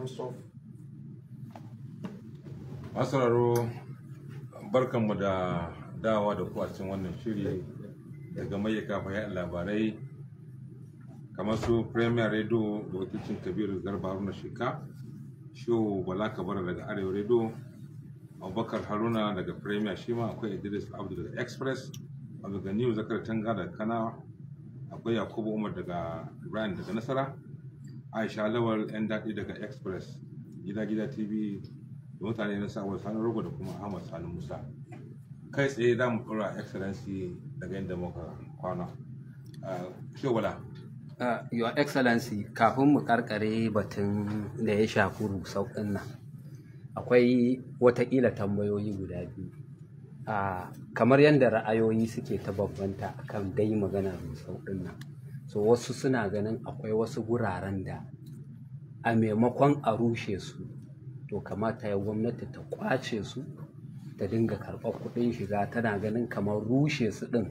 hands off masararo barkanmu da dawa da ku a cikin wannan shiri daga kafa ya labarai kamar su premier radio da wakilcin kabiru garba haruna shika shiwo bala kabara daga arewa radio abubakar haruna daga premier shima akwai idris abdu daga express abu daga new zakar tanga daga kanawa akwai yakubu umar daga ibrahim daga nasara aisha lawal yan daɗi daga express gida gida tv da mutane na sabon sanar rogo da kuma ahmad sani musa kai tsaye za mu a excellency daga yadda muka kwana ah, shogula ah, your excellency kafin mu karkare batun da ya shafi rusau ɗin nan akwai watakila tambayoyi guda biyu ah, kamar yadda ra'ayoyi suke ta babbanta akan dai magana rusau ɗin nan so wasu suna ganin akwai wasu guraren da a maimakon a rushe su to kamata ya gwamnati ta kwace su ta dinga karɓar kuɗin shiga tana ganin kamar rushe su ɗin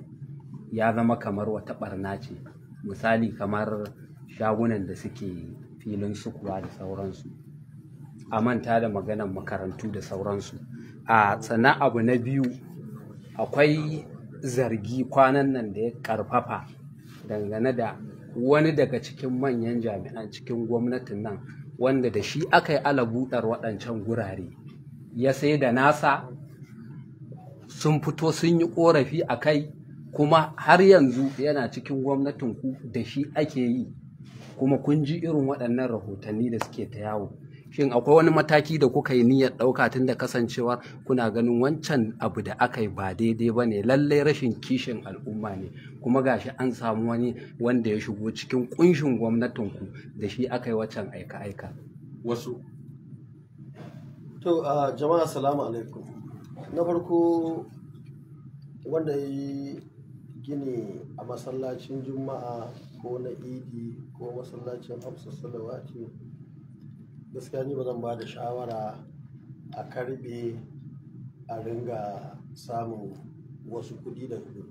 ya zama kamar wata ɓarna ce misali kamar shagunan da suke filin sukuwa da sauransu a manta da maganan makarantu da sauransu a sana abu na biyu akwai zargi kwanan nan da ya karfafa dangane da wani daga cikin manyan jami'an cikin gwamnatin nan wanda da shi aka yi buɗar waɗancan gurare ya sai da nasa sun fito sun yi ƙorafi a kai kuma har yanzu yana cikin gwamnatinku da shi ake yi kuma kun ji irin waɗannan rahotanni da suke ta yawo shin akwai wani mataki da kuka yi niyyar ɗauka tun da kasancewa kuna ganin wancan abu da aka yi ba daidai ba ne lallai rashin kishin al'umma ne kuma gashi an samu wani wanda ya shigo cikin kunshin gwamnatinku da shi aka yi waccan aika-aika wasu to a jama'a salamu alaikum na farko wanda ya yi gini a masallacin juma'a ko na idi ko masallacin hafsa salawati gaskiya ni ba zan ba da shawara a karbe a ringa samun wasu kuɗi da gudu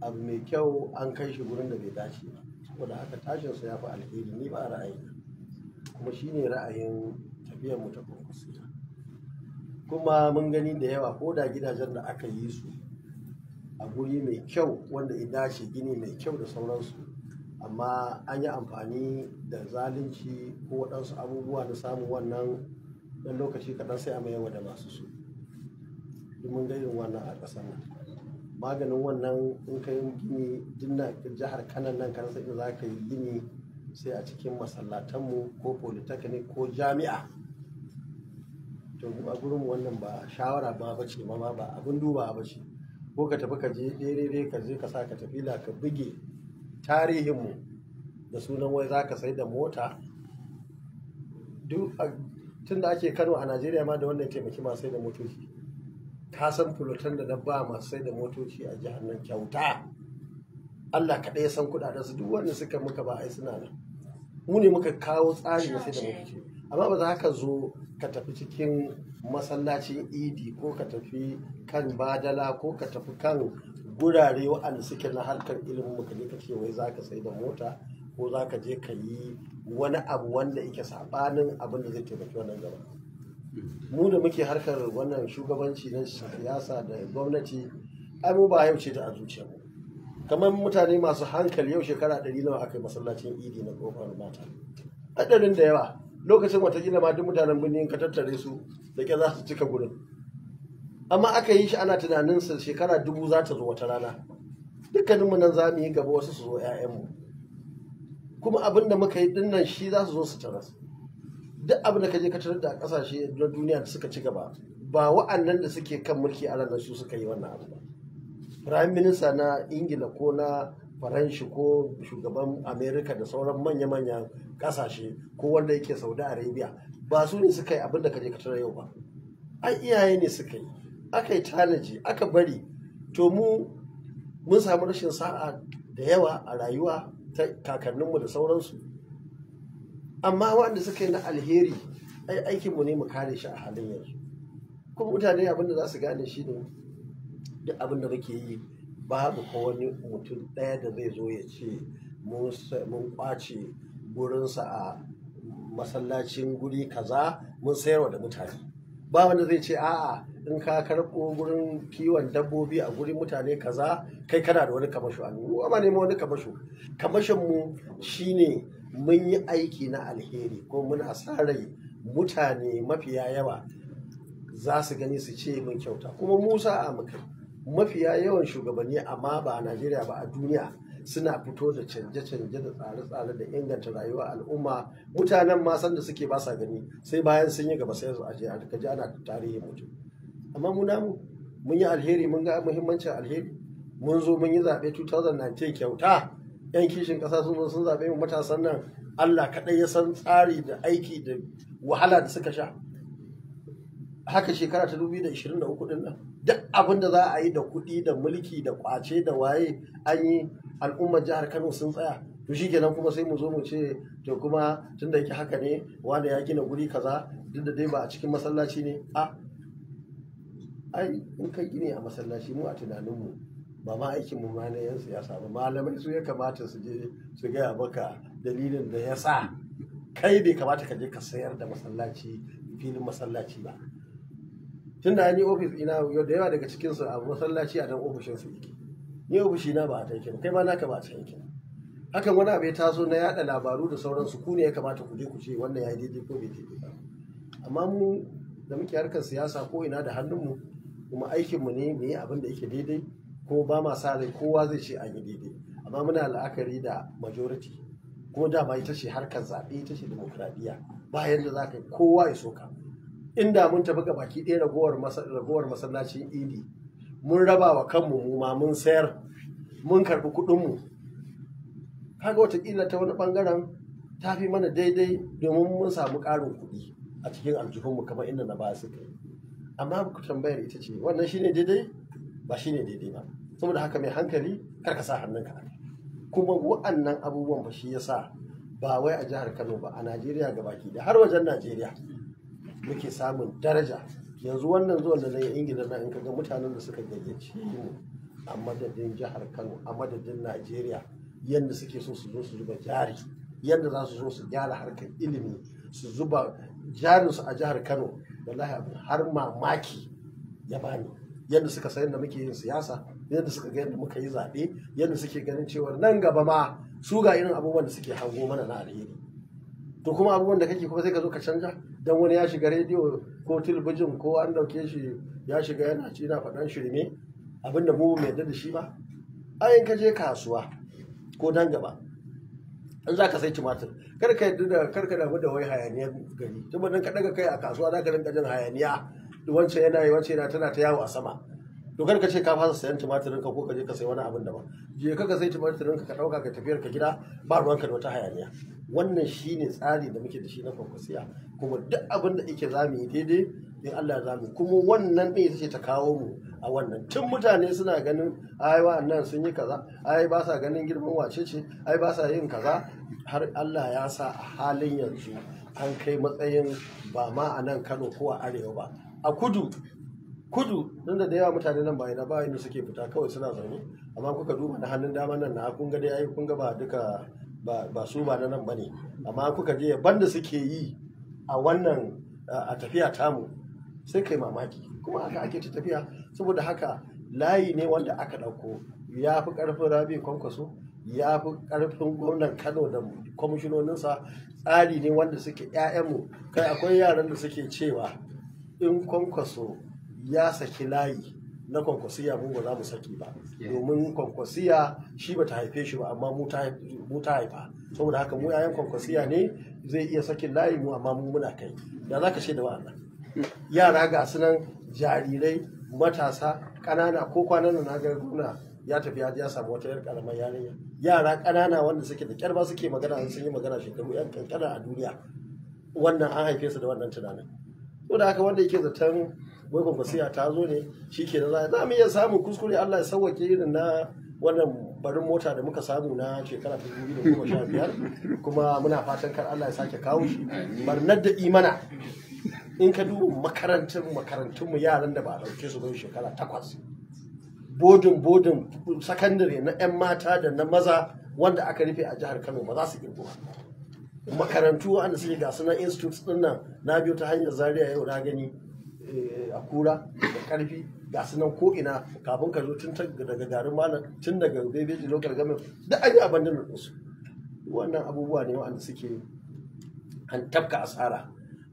abu mai kyau an kai shi gurin da bai dace ba saboda haka sa ya fi alheri ni ba ra'ayi kuma shine ra'ayin tafiyar mu ta kwankwasiya kuma mun gani da yawa ko da gidajen da aka yi su a guri mai kyau wanda ya dace gini mai kyau da sauransu amma an yi amfani da zalunci ko waɗansu abubuwa na samun wannan ɗan lokaci kaɗan sai a yawa da masu su domin wannan a ƙasar nan maganin wannan in ka yi gini na jihar kanan nan kan sai za ka yi gini sai a cikin masallatanmu ko polytechnic ko jami'a to a gurin wannan ba shawara ba ba ce ma ba abin duba ba ce ko ka tafi ka je ɗaya ka je ka sa ka tafi ka buge tarihinmu da sunan wai za ka sai da mota tun da ake kano a najeriya ma da wannan taimaki masu sai da motoci ka san fulotan da dabba masu sai da motoci a jihar nan kyauta allah kaɗai san kuɗaɗen su duk wanda suka muka ba ai suna nan mu ne muka kawo tsari na sai da motoci amma ba za ka zo ka tafi cikin masallacin idi ko ka tafi kan badala ko ka tafi kan gurare waɗanda suke na harkar ilimin makaji ka ce wai za ka sai da mota ko za ka je ka yi wani abu wanda yake saɓanin abin da zai taimaki wannan gaba mu da muke harkar wannan shugabanci na siyasa da gwamnati ai ba yau ce ta a zuciya mu kamar mutane masu hankali yau shekara ɗari nawa aka yi masallacin idi na ƙofar mata haɗarin da yawa lokacin watakila ma duk mutanen birnin ka tattare su da ke za su cika gurin amma aka yi shi ana tunanin sa shekara dubu za ta zo wata rana dukkaninmu nan za mu yi gaba wasu su zo 'ya'yanmu kuma abin da muka yi dinnan shi za su zo su taras duk abin da ka je ka tarar da kasashe na duniya da suka ci gaba ba wa'annan da suke kan mulki a ranar su suka yi wannan abu ba prime minister na ingila ko na faranshi ko shugaban america da sauran manya-manyan kasashe ko wanda yake saudi arabia ba su ne suka yi abin da ka je ka tarar yau ba ai iyaye ne suka yi aka yi tanaji aka bari to mu mun samu rashin sa'a da yawa a rayuwa ta kakanninmu da sauransu amma wanda suka yi na alheri ai aikinmu ne mu kare shi a halin yanzu kuma mutane abin da za su gane shi ne da abin da muke yi babu ko wani mutum ɗaya da zai zo ya ce mun kwace gurinsa a masallacin guri kaza mun sayarwa da mutane ba wanda zai ce a'a in ka karɓo gurin kiwon dabbobi a gurin mutane kaza kai kana da wani kamasho a mu ba neman wani kamasho kamashin mu shine mun yi aiki na alheri ko mun sa mutane mafiya yawa za su gani su ce mun kyauta kuma musa a mafiya yawan shugabanni amma ba a najeriya ba a duniya suna fito da canje-canje da tsare-tsare da inganta rayuwa al'umma mutanen ma san da suke basa gani sai bayan sun yi gaba sai su aje a kaji ana tarihi mutum amma mu namu mun yi alheri mun ga muhimmancin alheri mun zo mun yi zaɓe 2019 kyauta yan kishin ƙasa sun zo sun zaɓe mu matasan nan Allah kaɗai ya san tsari da aiki da wahala da suka sha haka shekara ta 2023 din nan duk abin da za a yi da kuɗi da mulki da kwace da waye an yi al'ummar jihar Kano sun tsaya to shi kenan kuma sai mu zo mu ce to kuma tun da yake haka ne wanda ya gina guri kaza duk da dai ba a cikin masallaci ne a ai in kai gini a masallaci mu a tunaninmu ba ma aikin mu ma na yan siyasa ba malamai su ya kamata su je su gaya baka dalilin da ya sa kai bai kamata ka je ka sayar da masallaci filin masallaci ba tun da an yi ofis ina yau da yawa daga cikinsu a masallaci a dan ofishinsu yake yau bishi na ba a tankin kai ma naka ba a tankin hakan wani abu ya taso na yada labaru da sauransu ku ne ya kamata ku je ku ce wannan ya yi daidai ko bai daidai ba amma mu da muke harkar siyasa ko ina da hannunmu kuma aikinmu ne mu yi abin da yake daidai ko ba ma sa rai kowa zai ce an yi daidai amma muna la'akari da majority kuma dama ita ce harkar zaɓe ita ce demokradiyya ba yadda za ka yi kowa ya soka inda mun tafi ga baki ɗaya ragowar masallacin idi mun raba wa kanmu mu ma mun sayar mun karɓi kuɗinmu kaga watakila ta wani ɓangaren ta fi mana daidai domin mun samu ƙarin kuɗi a cikin aljihunmu kamar inda na ba su kai amma ku tambayar ita ce wannan shine daidai ba shine daidai ba saboda haka mai hankali kar ka sa hannunka kuma wa'annan abubuwan ba shi yasa ba wai a jihar Kano ba a Najeriya gabaki da har wajen Najeriya muke samun daraja yanzu wannan zuwan da na yi ingila na in kaga mutanen da suka gayyaci a madadin jihar kano a madadin najeriya yadda suke so su zo su zuba jari yadda za su zo su gyara harkar ilimi su zuba jarinsu a jihar kano wallahi abin har mamaki ya bani yadda suka san da muke yin siyasa yadda suka ga yadda muka yi zaɓe yadda suke ganin cewa nan gaba ma su ga irin abubuwan da suke hango mana na alheri to kuma abubuwan da kake kuma sai ka zo ka canja don wani ya shiga rediyo ko talabijin ko an dauke shi ya shiga yana ci na faɗan shirme abinda mu mai da shi ba ayin ka je kasuwa ko dan gaba in za ka sai tumatir kar ka yadda da kar ka damu da wai hayaniya gari tumatir ka daga kai a kasuwa za ka rinka jin hayaniya wancan yana yi wancan yana tana ta yawo a sama to ka ce ka fasa sayan tumatirin ka ko ka je ka sayi wani abin da ba je ka ka sayi tumatirin ka ka dauka ka tafiyar ka gida ba ruwan ka da wata hayaniya wannan shine tsari da muke da shi na kwakwasiya kuma duk abin da yake zamu yi daidai in Allah ya mu kuma wannan din yace ta kawo mu a wannan tun mutane suna ganin ai wa'annan sun yi kaza ai ba sa ganin girman wace ce ai ba sa yin kaza har Allah ya sa a halin yanzu an kai matsayin ba ma a nan Kano ko a Arewa ba a kudu kudu nan da yawa mutane nan ba ina ba inda suke fita kawai suna zaune amma kuka duba na hannun dama nan na kun ga dai ai kun ga ba duka ba su ba nan bane amma kuka je banda suke yi a wannan a tafiya tamu sai kai mamaki kuma haka ake ta tafiya saboda haka layi ne wanda aka ɗauko ya fi ƙarfin rabi kwankwaso ya fi ƙarfin gwamnan kano da kwamishinoninsa tsari ne wanda suke 'ya'yanmu kai akwai yaran da suke cewa in kwankwaso ya saki layi na kwankwasiya mu ba za mu saki ba domin kwankwasiya shi ba ta haife shi ba amma mu ta haifa saboda haka mu yayan kwankwasiya ne zai iya sakin layi mu amma mu muna kai da za ka ce da wa'annan yara ga su jarirai matasa ƙanana ko kwanan na ga guna ya tafi ya ya samu wata yar karamar yarinya yara ƙanana wanda suke da kyar ba suke magana sun yi magana shekaru yan kankana a duniya wannan an haife su da wannan tunanin ko da haka wanda yake zaton wai kwakwasiya ta zo ne shi ke za mu iya samun kuskure allah ya sauwake irin na wannan barin mota da muka samu na shekara ta biyar kuma muna fatan kar allah ya sake kawo shi barnar da imana in ka duba makarantun makarantunmu yaran da ba a ɗauke su don shekara takwas bodin bodin sakandare na 'yan mata da na maza wanda aka rufe a jihar kano ba za su ba. makarantu wanda suke ga sunan institutes din nan na biyo ta hanyar Zariya yau na gani eh, a kura da karfi ga sunan ko ina kafin ka zo tun daga garin malam tun daga bebeji local government da an yi abandonar ɗinsu wannan abubuwa ne wanda suke kan tafka asara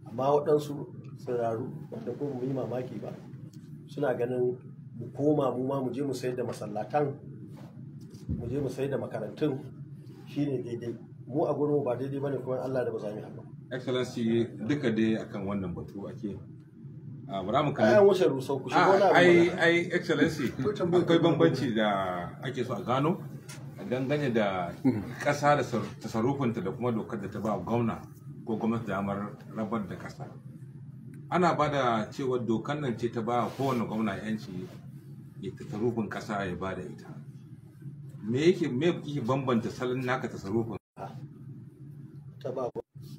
amma waɗansu tsiraru wanda ko mu yi mamaki ba suna ganin mu koma mu ma mu je mu sayar da masallatan mu je mu sayar da makarantun shine daidai mu a gurin ba daidai bane kuma Allah da ba sami mu haka excellency duka dai akan wannan batu ake a ah, bura mu kallon wace rusau ku shigo na ah, ai ai excellency akwai bambanci da ake so a gano dangane da kasa da tasarrufinta da kuma dokar da ta ba gwamna ko gwamnati damar rabar da kasa ana ba da cewa dokar nan ce ta ba kowane gwamna yanci ya tasarrufin kasa ya ba da ita me yake me yake bambanta salon naka tasarrufin ta ba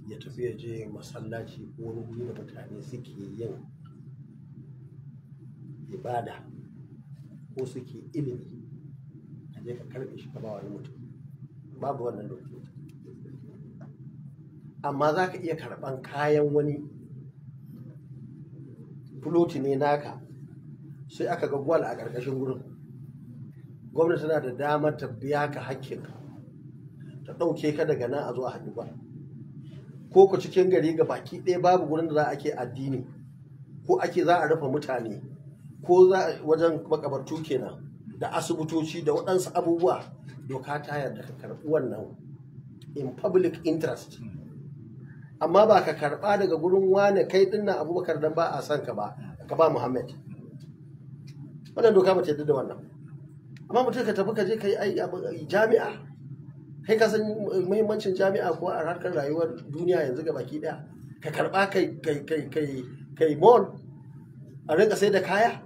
ya tafi ya je masallaci ko wani guri da mutane suke yin ibada ko suke ilimi a je ka karbe shi ka ba wani mutum babu wannan dokoki amma za ka iya karɓan kayan wani fuloti ne naka sai aka ga gwal a ƙarƙashin gurin gwamnati tana da damar ta biya ka hakkinka ta ɗauke ka daga nan a zuwa haɗu gwal ko ku cikin gari ga baki ɗaya babu gurin da za a ke addini ko ake za a rufe mutane ko za a wajen makabartu kenan da asibitoci da waɗansu abubuwa doka ta yarda ka karɓi wannan in public interest amma ba ka karɓa daga gurin wane kai dinnan abubakar dan ba a son ka ba ka ba muhammad wannan doka ba ta yarda da wannan amma mutum ka tafi ka je ka yi jami'a kai ka san muhimmancin jami'a ko a harkar rayuwar duniya yanzu ga baki daya ka karba kai kai kai kai kai mall a rinka sai da kaya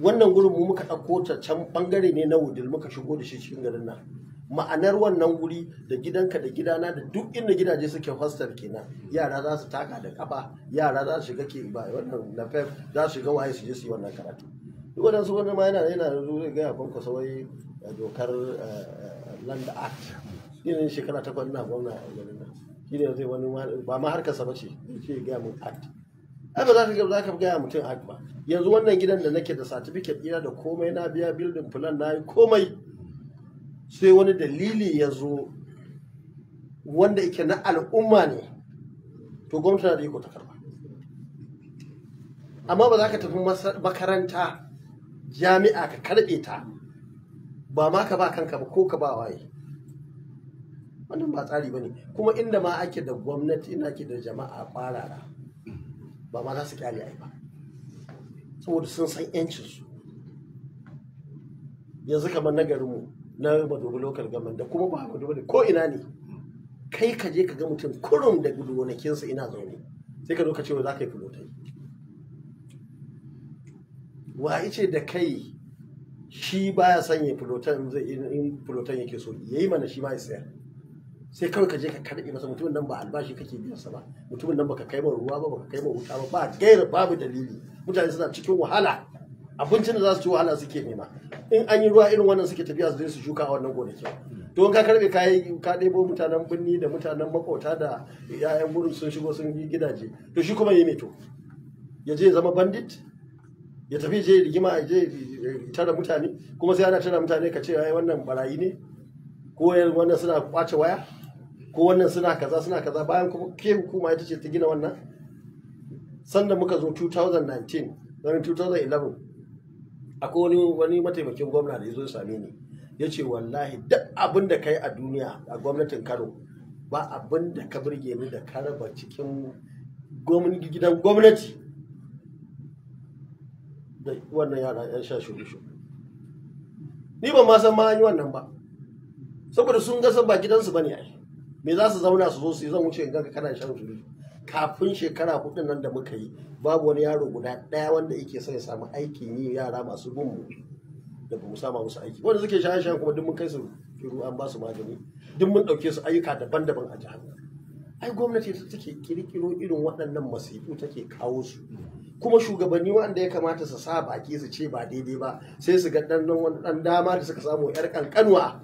wannan gurin mu muka ɗauko ta can bangare ne na wudil muka shigo da shi cikin garin nan ma'anar wannan wuri da gidanka da gidana da duk inda gidaje suke hostel kenan yara za su taka da kafa yara za su shiga ke ba wannan na fef za su shiga waye su je su yi wannan karatu duk wadansu wani ma yana yana zuwa ga ya kwasawai dokar eh, land act irin shekara ta kwanna gwamna a garin nan shi ne zai wani ba ma harkarsa ba bace shi gaya mun act ai ba za ka za ka gaya mutum act ba yanzu wannan gidan da nake da certificate ina da komai na biya building plan na yi komai sai wani dalili ya zo wanda yake na al'umma ne to gwamnati na da iko ta karba amma ba za ka tafi makaranta jami'a ka karɓe ta ba ma ka ba kanka ba ko ka ba waye wannan ba tsari ba ne kuma inda ma ake da gwamnati ina ke da jama'a kwarara ba ma za su kyale ai ba saboda sun san yancinsu yanzu kamar na garinmu na madobi lokal gaman da kuma ba madobi ko ina ne kai ka je ka ga mutum kurum da gonakinsa ina zaune sai ka zo ka ce wa za ka yi fulotai wa ice da kai shi baya son ya fulotan zai in proton yake so ya yi mana shi ma ya sayar sai kawai ka je ka karbe masa mutumin nan ba albashi kake biyan sa ba mutumin nan ba ka kai ma ruwa ba ba ka kai ma wuta ba ba gaira babu dalili mutane suna cikin wahala abincin da za su ci wahala suke nema in an yi ruwa irin wannan suke tafiya su je su shuka a wannan gonakin to ka karbe yi ka ɗebo mutanen birni da mutanen makota da 'ya'yan gurin sun shigo sun yi gidaje to shi kuma ya meto ya je zama bandit ya tafi je rigima je tara mutane kuma sai ana tara mutane ka ce ai wannan barayi ne ko wannan suna kwace waya ko wannan suna kaza suna kaza bayan kuma ke hukuma ita ce ta gina wannan sanda muka zo 2019 wani 2011 akwai wani wani mataimakin gwamna da ya zo same ni ya ce wallahi duk abin da ka yi a duniya a gwamnatin kano ba abin da ka burge ni da ka raba cikin gidan gwamnati da wannan yara yan sha shugu ni ban ma san ma yi wannan ba saboda sun gasa ba gidansu ba ya ai me za su zauna su zo su yi zan wuce in ga kana shan shugu kafin shekara hudu nan da muka yi babu wani yaro guda daya wanda yake son ya samu aikin yi yara masu bin mu da ba mu sama musu aiki wanda suke shaye-shaye kuma duk mun kai su shiru an ba su magani duk mun dauke su ayyuka daban-daban a jihar ai gwamnati ta take kirkiro irin waɗannan masifu take kawo su kuma shugabanni wanda ya kamata su sa baki su ce ba daidai ba sai su ga ɗan wani ɗan dama da suka samu yar kankanwa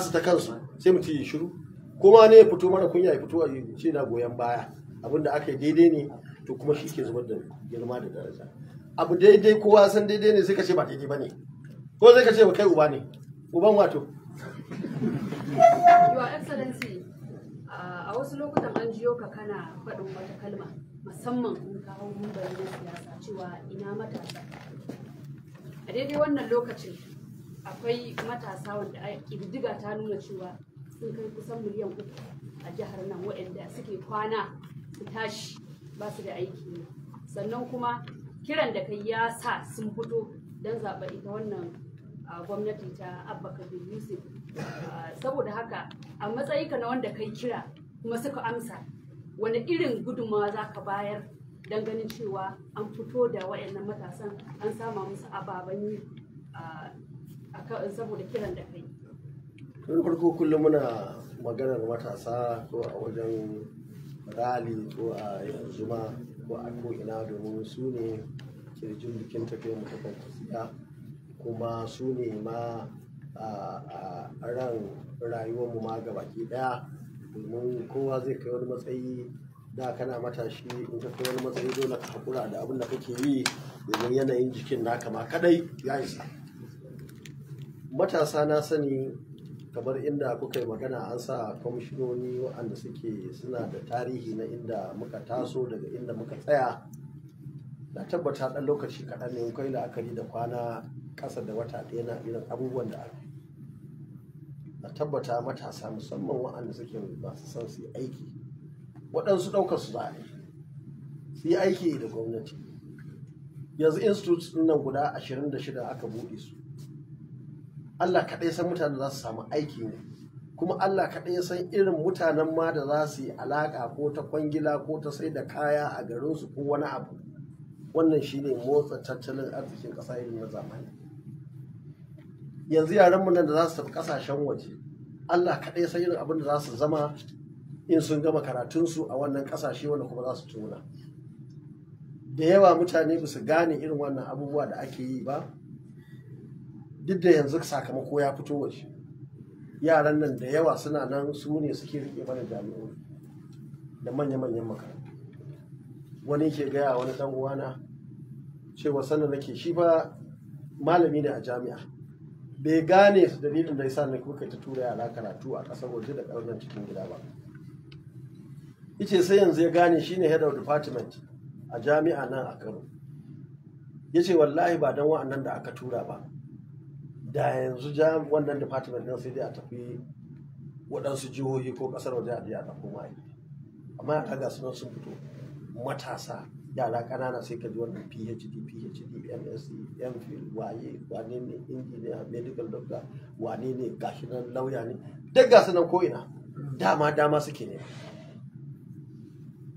su ta kansu sai mutum ya shiru kuma ne ya fito mana kunya ya fito a ce na goyon baya abinda aka yi daidai ne to kuma shi ke zubar da girma da daraja abu daidai kowa san daidai ne sai ka ce ba daidai ba ne ko sai ka ce ba kai uba ne uban wato your excellency a wasu lokutan an jiyo ka kana faɗin wata kalma musamman in ka hau dubayi na siyasa cewa ina matasa a daidai wannan lokacin akwai matasa wanda a ƙididdiga ta nuna cewa sun kai kusan miliyan uku a jihar nan waɗanda suke kwana su tashi ba su da aiki ne sannan kuma kiran da kai ya sa sun fito don zaɓa ita wannan gwamnati ta abba kabir yusuf saboda haka a matsayinka na wanda kai kira kuma suka amsa wani irin gudunmawa za ka bayar don ganin cewa an fito da waɗannan matasan an sama musu ababen yi saboda kiran da kai tun farko kullum muna maganar matasa ko a wajen rali ko a yanzu ma ko a ko'ina domin su ne kirjin bikin tafiyar mu ta kuma su ne ma a ran rayuwarmu ma gabaki daya domin kowa zai kai wani matsayi da kana matashi in ka kai wani matsayi dole ka haƙura da abin da kake yi domin yanayin jikin naka ma kadai ya isa matasa na sani kamar inda kuka yi magana an sa kwamishinoni waɗanda suke suna da tarihi na inda muka taso daga inda muka tsaya na tabbata ɗan lokaci kaɗan ne kai la'akari da kwana ƙasa da wata ɗaya na irin abubuwan da a tabbata matasa musamman waɗanda suke masu son su yi aiki waɗansu ɗaukar su za a yi su yi aiki da gwamnati yanzu ɗin nan guda 26 aka buɗe su Allah kaɗai san mutane za su samu aiki ne kuma Allah kaɗai ya san irin mutanen ma da za su yi alaƙa ko ta kwangila ko ta sai da kaya a garinsu ko wani abu wannan shine motsa tattalin arzikin ƙasa irin na zamani yanzu yaran mu nan da za su tafi kasashen waje Allah kaɗai sai irin abin da za su zama in sun gama karatun su a wannan kasashe wanda kuma za su tona da yawa mutane ba su gane irin wannan abubuwa da ake yi ba duk da yanzu sakamako ya fito waje yaran nan da yawa suna nan su ne suke rike mana jami'o'i da manya-manyan makarantu wani ke gaya wani dan uwana cewa sannan nake shi ba malami ne a jami'a bai gane su dalilin da yasa na kuka ta tura yara karatu a ƙasar waje da ƙarfin cikin gida ba Ice sai yanzu ya gane shine head of department a jami'a nan a Kano yace wallahi ba dan wa'annan da aka tura ba da yanzu wannan department din sai dai a tafi waɗansu jihohi ko ƙasar waje a je a ɗauko ma'aikata amma a ɗaga sunan sun fito matasa yara ƙanana sai ka ji wannan phd phd msc mphil waye wane ne injiniya medical doctor wane ne gashi nan lauya ne duk gasu nan ko'ina dama dama suke ne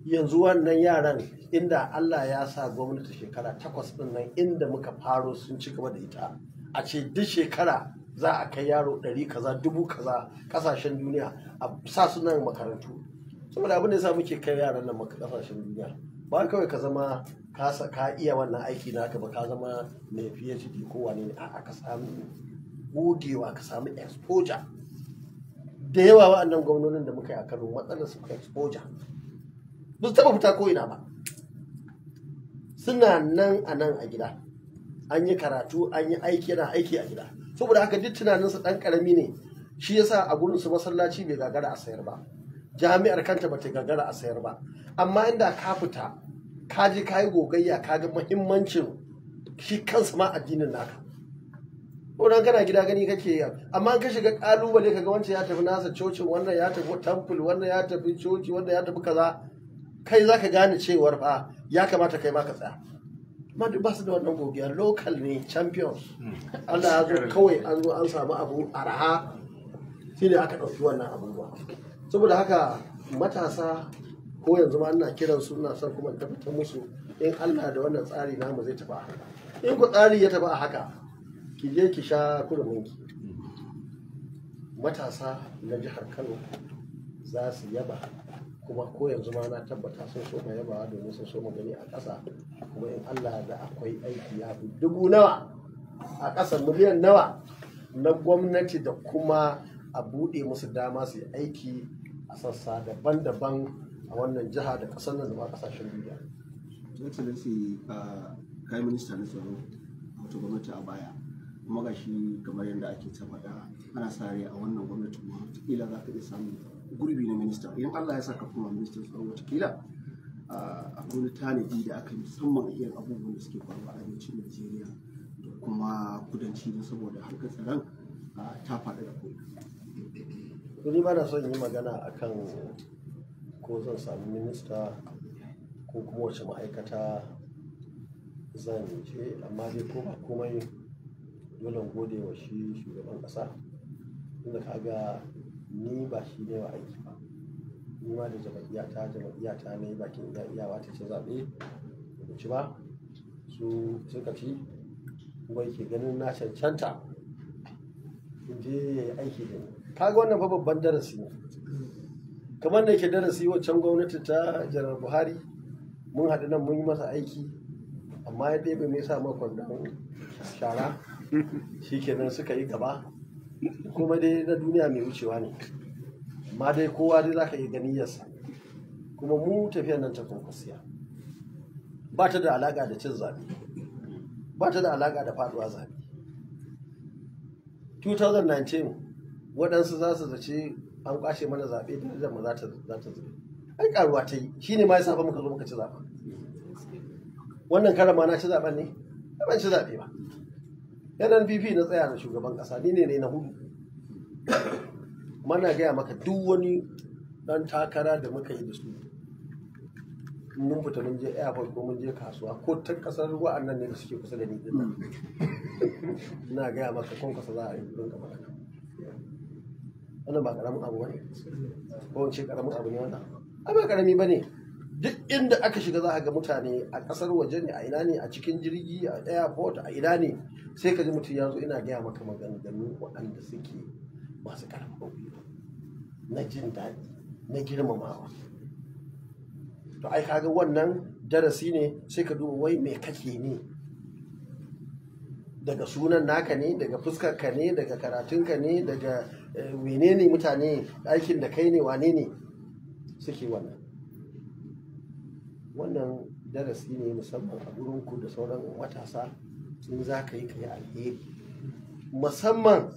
yanzu wannan yaran inda allah ya sa gwamnati shekara takwas ɗin nan inda muka faro sun ci gaba da ita a ce duk shekara za a kai yaro ɗari kaza dubu kaza ƙasashen duniya a sa su makarantu saboda abin da ya sa muke kai yaran nan kasashen duniya ba kawai ka zama ka iya wannan aiki naka ba ka zama mai shi ko wani ne a'a ka samu gogewa ka samu exposure da yawa wa'annan gwamnonin da muka yi a Kano matsalar su exposure ba su taba fita ko ina ba suna nan a nan a gida an yi karatu an yi aiki yana aiki a gida saboda haka duk tunaninsu ɗan ƙarami ne shi yasa a gurin su masallaci bai gagara a sayar ba jami'ar kanta ba ta gagara a sayar ba amma inda ka fita ka ji ka yi gogayya ka ga muhimmancin shi kansa ma addinin naka Wannan kana gida gani kake yi amma ka shiga kalubale ka ga wancan ya tafi nasa cocin wannan ya tafi tampul wannan ya tafi coci wannan ya tafi kaza kai za ka gane cewar fa ya kamata kai ma ka tsaya amma duk ba su da wannan gogiya local ne champion. Hmm. Allah ya zo kawai an zo an samu abu araha ne aka ɗauki wannan abubuwa saboda haka matasa ko yanzu ma ina kiran su ina son kuma tabbatar musu in Allah da wannan tsari namu zai tafi a haka in ku tsari ya taba a haka ki je ki sha kurumin ki matasa na jihar Kano za su yaba kuma ko yanzu ma na tabbata sun so yaba domin sun so gani a ƙasa kuma in Allah da akwai aiki ya fi dubu nawa a ƙasa miliyan nawa na gwamnati da kuma a buɗe musu dama su yi aiki a sassa daban-daban a wannan jiha da kasar nan da ma duniya. excellency kai uh, minista na tsaro wato gwamnati a baya kuma ga shi kamar yadda ake ta faɗa ana sa rai a wannan gwamnati kuma wataƙila za ka iya samun gurbi na minista in allah ya sa ka kuma minista tsaro wataƙila uh, a wani tanadi da aka yi musamman irin abubuwan da suke faruwa a arewacin najeriya da kuma kudanci saboda harkar tsaron uh, ta faɗa da kuma ni ba na son yi magana a kan ko zan sami minista ko kuma wace ma'aikata zan je amma dai ko ba komai dole gode wa shi shugaban ƙasa inda kaga ni ba shi ne wa aiki ba ni ma da jama'iyata jama'iyata ne bakin iya iyawa ta ce zaɓe da ci ba su suka ci kuma yake ganin na cancanta in je ya yi aiki da ni kaga wannan fa babban darasi ne kamar da yake darasi waccan gwamnati ta janar buhari mun haɗu nan mun yi masa aiki amma ya ɗebe mai sa makon da shara shi kenan suka yi gaba kuma dai na duniya mai wucewa ne amma dai kowa dai za ka yi ganiyarsa kuma mu tafiyar nan ta kwankwasiya ba ta da alaƙa da cin zaɓe ba ta da alaƙa da faɗuwa zaɓe 2019 waɗansu za su zace an kwashe mana zaɓe da mu za ta zube ai karuwa ta yi shi ne ma yasa fa muka zo muka ci zaɓe wannan karan ma na ci zaɓen ne ban ci zaɓe ba yanan npp na tsaya na shugaban ƙasa ni ne na hudu mana gaya maka duk wani ɗan takara da muka yi da su mun fita mun je airport ko mun je kasuwa ko ta kasar annan ne da suke kusa da ni ina gaya maka kon kasa za a yi kamar gaba wannan ba karamin abu ne ko in ce karamin abu ne wannan ai ba karami duk inda aka shiga za a ga mutane a kasar waje ne a ina ne a cikin jirgi a airport a ina ne sai ka ji mutum ya zo ina gaya maka maganganu waɗanda suke masu karamin abu na jin daɗi na girmamawa to ai kaga wannan darasi ne sai ka duba wai mai kake ne daga sunan naka ne daga fuskar ka ne daga karatun ka ne daga Wene eh, ne mutane aikin da kai ne wane ne suke wannan wannan darasi ne musamman a gurinku da sauran matasa sun za ka yi kai alheri musamman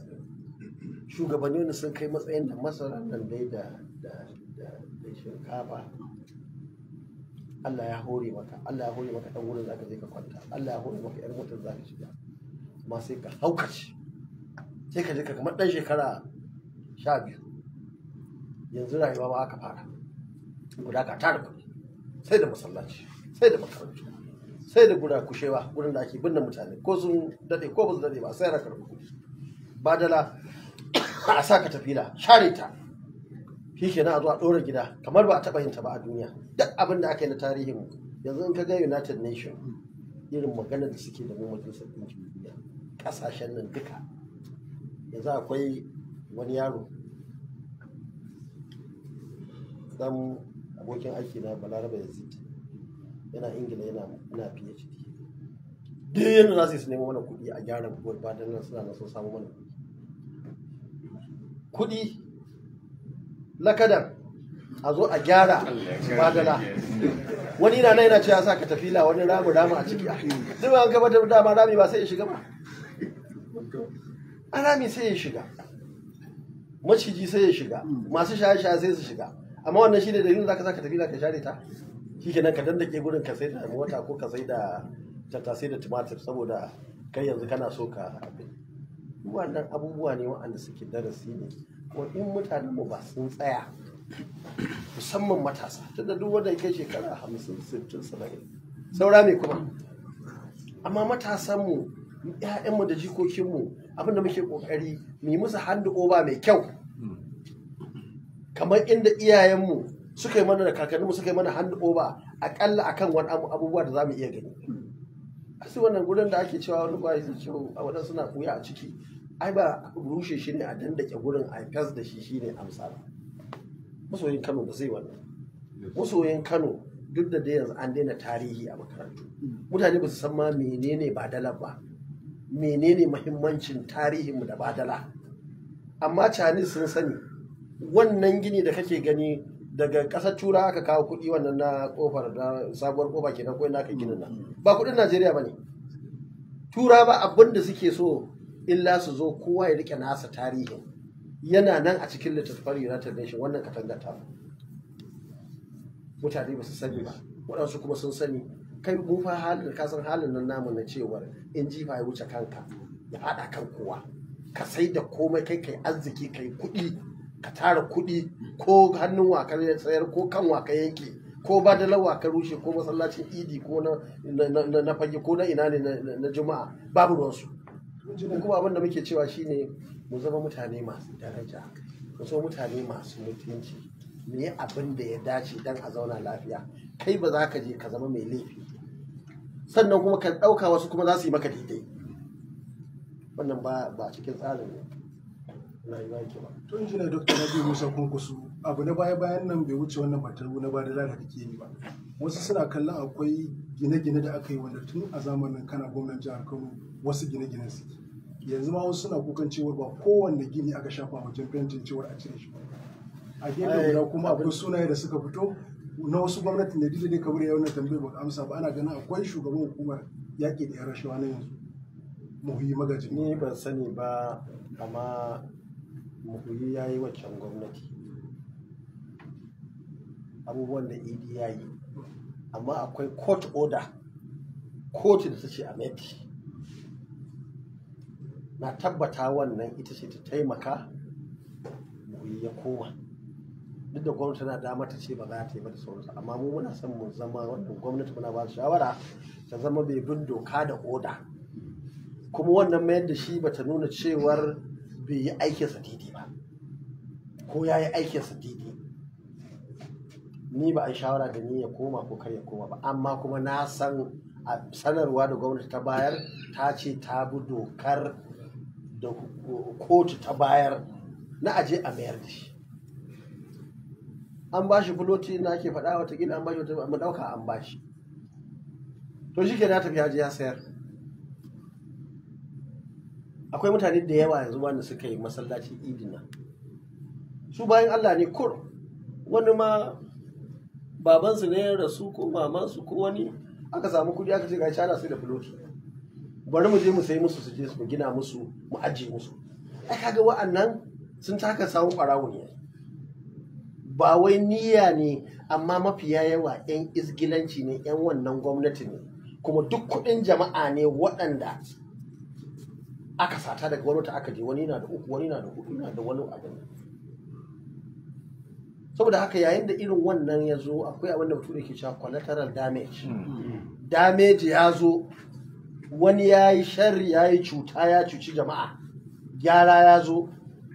shugabanni wanda sun kai matsayin da masara nan dai da shinkafa Allah ya hore maka Allah ya hore maka dan wurin zaka je ka kwanta Allah ya hore maka yar motar zaka shiga amma sai ka haukace sai ka je ka kamar dan shekara sha biyu yanzu rayuwa ba aka fara guda ka tara kuɗi sai da masallaci sai da makarantu sai da guda kushewa gurin da ake binne mutane ko sun daɗe ko ba su daɗe ba sai na karɓi kuɗi badala a sa ka tafi tafila share ta shi kenan a zuwa ɗora gida kamar ba a taɓa yin ta ba a duniya duk abin da aka yi na tarihin yanzu in ka ga united nation irin maganar da suke da mu majalisar ɗinkin duniya ƙasashen nan duka yanzu akwai wani yaro dan abokin aiki na balaraba yazid yana ingila yana yana phd duk yadda za su su nemo mana kuɗi a gyara buwar badan nan suna so samu mana kuɗi kuɗi lakadan a zo a gyara badala wani na yana cewa ya sa ka tafila wani ramu ramu a ciki duk an gabatar dama rami ba sai ya shiga ba a rami sai ya shiga maciji sai ya shiga mm. masu shaye-shaye sai su shiga amma wannan shine dalilin zaka ka tafi ka share ta nan ka dandake gurin ka sai da mota ko ka sai da tattasai da tumatir saboda kai yanzu kana so ka abin wannan abubuwa ne wa'anda suke darasi ne kuma in mutanen ba sun tsaya musamman matasa tunda duk wanda ya kai shekara hamsin sittin saba'in saura ne kuma amma matasanmu 'ya'yanmu da jikokinmu abin da muke kokari mu yi musu hand over mai kyau kamar inda iyayenmu suka yi mana da kakanninmu suka yi mana hand over akalla akan wani abubuwa da za mu iya gani asi wannan gurin da ake cewa wani kwaye su ce oh, a wadda suna kuya a ciki ai ba rushe shi ne a dandake gurin a gas da shi shine amsa ba masoyin kano ba zai wannan masoyin kano duk da dai yanzu an daina tarihi a makarantu mutane ba su san ma menene ba dalar ba menene mahimmancin tarihinmu da badala amma chinese sun sani wannan gini da kake gani daga ƙasar tura aka kawo kuɗi wannan na kofar da sabuwar kofa ke nan na ka ginin nan ba kuɗin najeriya ba ne tura ba abin da suke so illa su zo kowa ya rike nasa tarihin yana nan a cikin littattafan united nation wannan katangar ta mutane ba su sani ba waɗansu kuma sun sani kai mu halin ka san halin nan namu na cewar in jifa ya wuce kanka ya haɗa kan kowa ka sai da komai kai kai arziki kai kuɗi ka tara kuɗi ko hannun wakar ya tsayar ko kan waka yanke ko ba da lawa ka rushe ko masallacin idi ko na fage ko na ina ne na juma'a babu ruwansu kuma abin da muke cewa shine mu zama mutane masu daraja mu zama mutane masu mutunci mu abin da ya dace dan a zauna lafiya kai ba za ka je ka zama mai laifi sannan kuma ka ɗauka wasu kuma za su yi maka daidai wannan ba a cikin tsarin yi yake ba tun na dokta na biyu musa kunkusu abu na baya bayan nan bai wuce wannan matar na ba da za ka take yi ba wasu suna kallon akwai gine-gine da aka yi wanda tun a zamanin kana gwamnan jihar kano wasu gine gine su yanzu ma wasu suna kukan cewa ba kowanne gini aka shafa wajen fentin cewar a cire shi ba a gefe guda kuma akwai sunaye da suka fito na wasu gwamnatin da duk da ya wannan tambayar ba amsa ba ana ganin akwai shugaban hukumar yaƙi da yan rashawa na yanzu muhuyi ban sani ba amma muhuyi ya yi waccan gwamnati abubuwan da idi e ya yi amma akwai court order Court da ta ce a meti na tabbata wannan ita ce ta taimaka muhuyi ya koma duk da gwamnati na dama ta ce ba za ta yi ba da sauransu amma mu muna son mu zama wanda gwamnati muna ba shawara ta zama bai bin doka da oda kuma wannan mayar da shi bata nuna cewar bai yi sa didi ba ko ya yi sa didi ni ba a shawara da ni ya koma ko kar ya koma ba amma kuma na san a sanarwa da gwamnati ta bayar ta ce ta bi dokar da kotu ta bayar na aje a mayar da shi an ba shi fuloti na ake faɗa gina an ba shi wata mu ɗauka an ba shi to shi ke na tafi haji ya sayar akwai mutane da yawa yanzu wanda suka yi masallaci idina su bayan allah ne kur wani ma babansu ne rasu ko mamansu ko wani aka samu kudi aka ce gashi ana sai da fuloti bari mu je mu sai musu su je su gina musu mu ajiye musu ai kaga wa'annan sun taka samun ɓarawo ba wai niyya ne amma mafiya yawa 'yan izgilanci ne 'yan wannan gwamnati ne kuma duk kudin jama'a ne waɗanda aka sata daga wani aka je wani na da uku wani na da hudu na da wani abin saboda haka yayin da irin wannan ya zo akwai abin da mutum ke cewa collateral damage hmm. damage ya zo wani ya yi shar ya yi cuta ya cuci jama'a gyara ya zo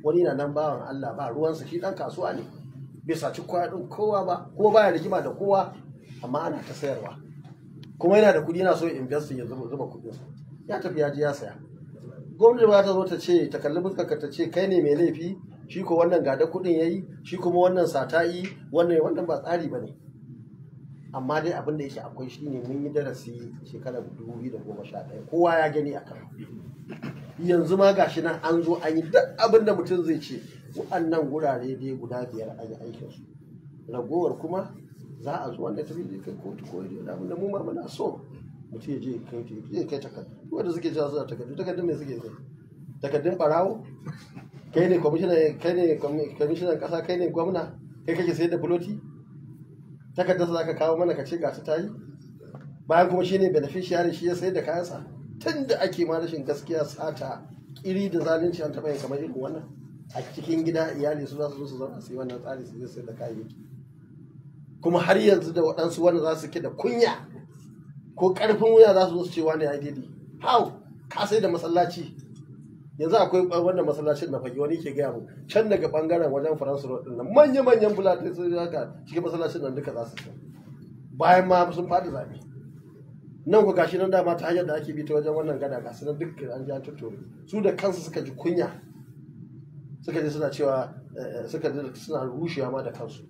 wani na nan bawan Allah ba ruwansa shi ɗan kasuwa ne bai saci kwaɗin kowa ba kuma baya rigima da kowa amma ana ta sayarwa kuma yana da kuɗi yana so investing ya zuba zuba kuɗin ya tafi ya je ya saya gwamnati ba ta zo ta ce ta kalli ta ce kai ne mai laifi shi ko wannan gada kuɗin yayi shi kuma wannan sata yi wannan wannan ba tsari ba ne amma dai abin da yake akwai shi ne mun yi darasi shekarar 2011 kowa ya gani a kan yanzu ma gashi nan an zo an yi duk abin da mutum zai ce wa'annan gurare dai guda biyar a yi aikin su ragowar kuma za a zo wanda tafi zai kai kotu ko yadda da abinda mu ma muna so mutum ya je kai zai kai takardu wanda suke jira suna takardu takardun mai suke zai takardun barawo kai ne kwamishinan kai ne kwamishinan kasa kai ne gwamna kai kake sayar da buloti takardar sa ka kawo mana ka ce ga ta yi bayan kuma shi ne beneficiary shi ya sayar da kayansa tun da ake ma rashin gaskiya sata kiri da zalunci an taɓa yin kamar irin wannan a cikin gida iyali su za su zo su zauna su yi wannan tsari su je su da kayayyaki kuma har yanzu da waɗansu wanda za su ke da kunya ko ƙarfin wuya za su zo su ce wani ya gidi hau ka sai da masallaci yanzu akwai wannan masallacin na fage wani ke gaya mu can daga bangaren wajen faransa road din nan manya manyan bulatai sun haka cikin masallacin nan duka za su san bayan ma sun faɗi zabe nan ku gashi nan dama ta hanyar da ake bi ta wajen wannan gada gasu nan duk an ji an tuttore su da kansu suka ji kunya suka je suna cewa eh, eh, suka je suna rushewa ma da kansu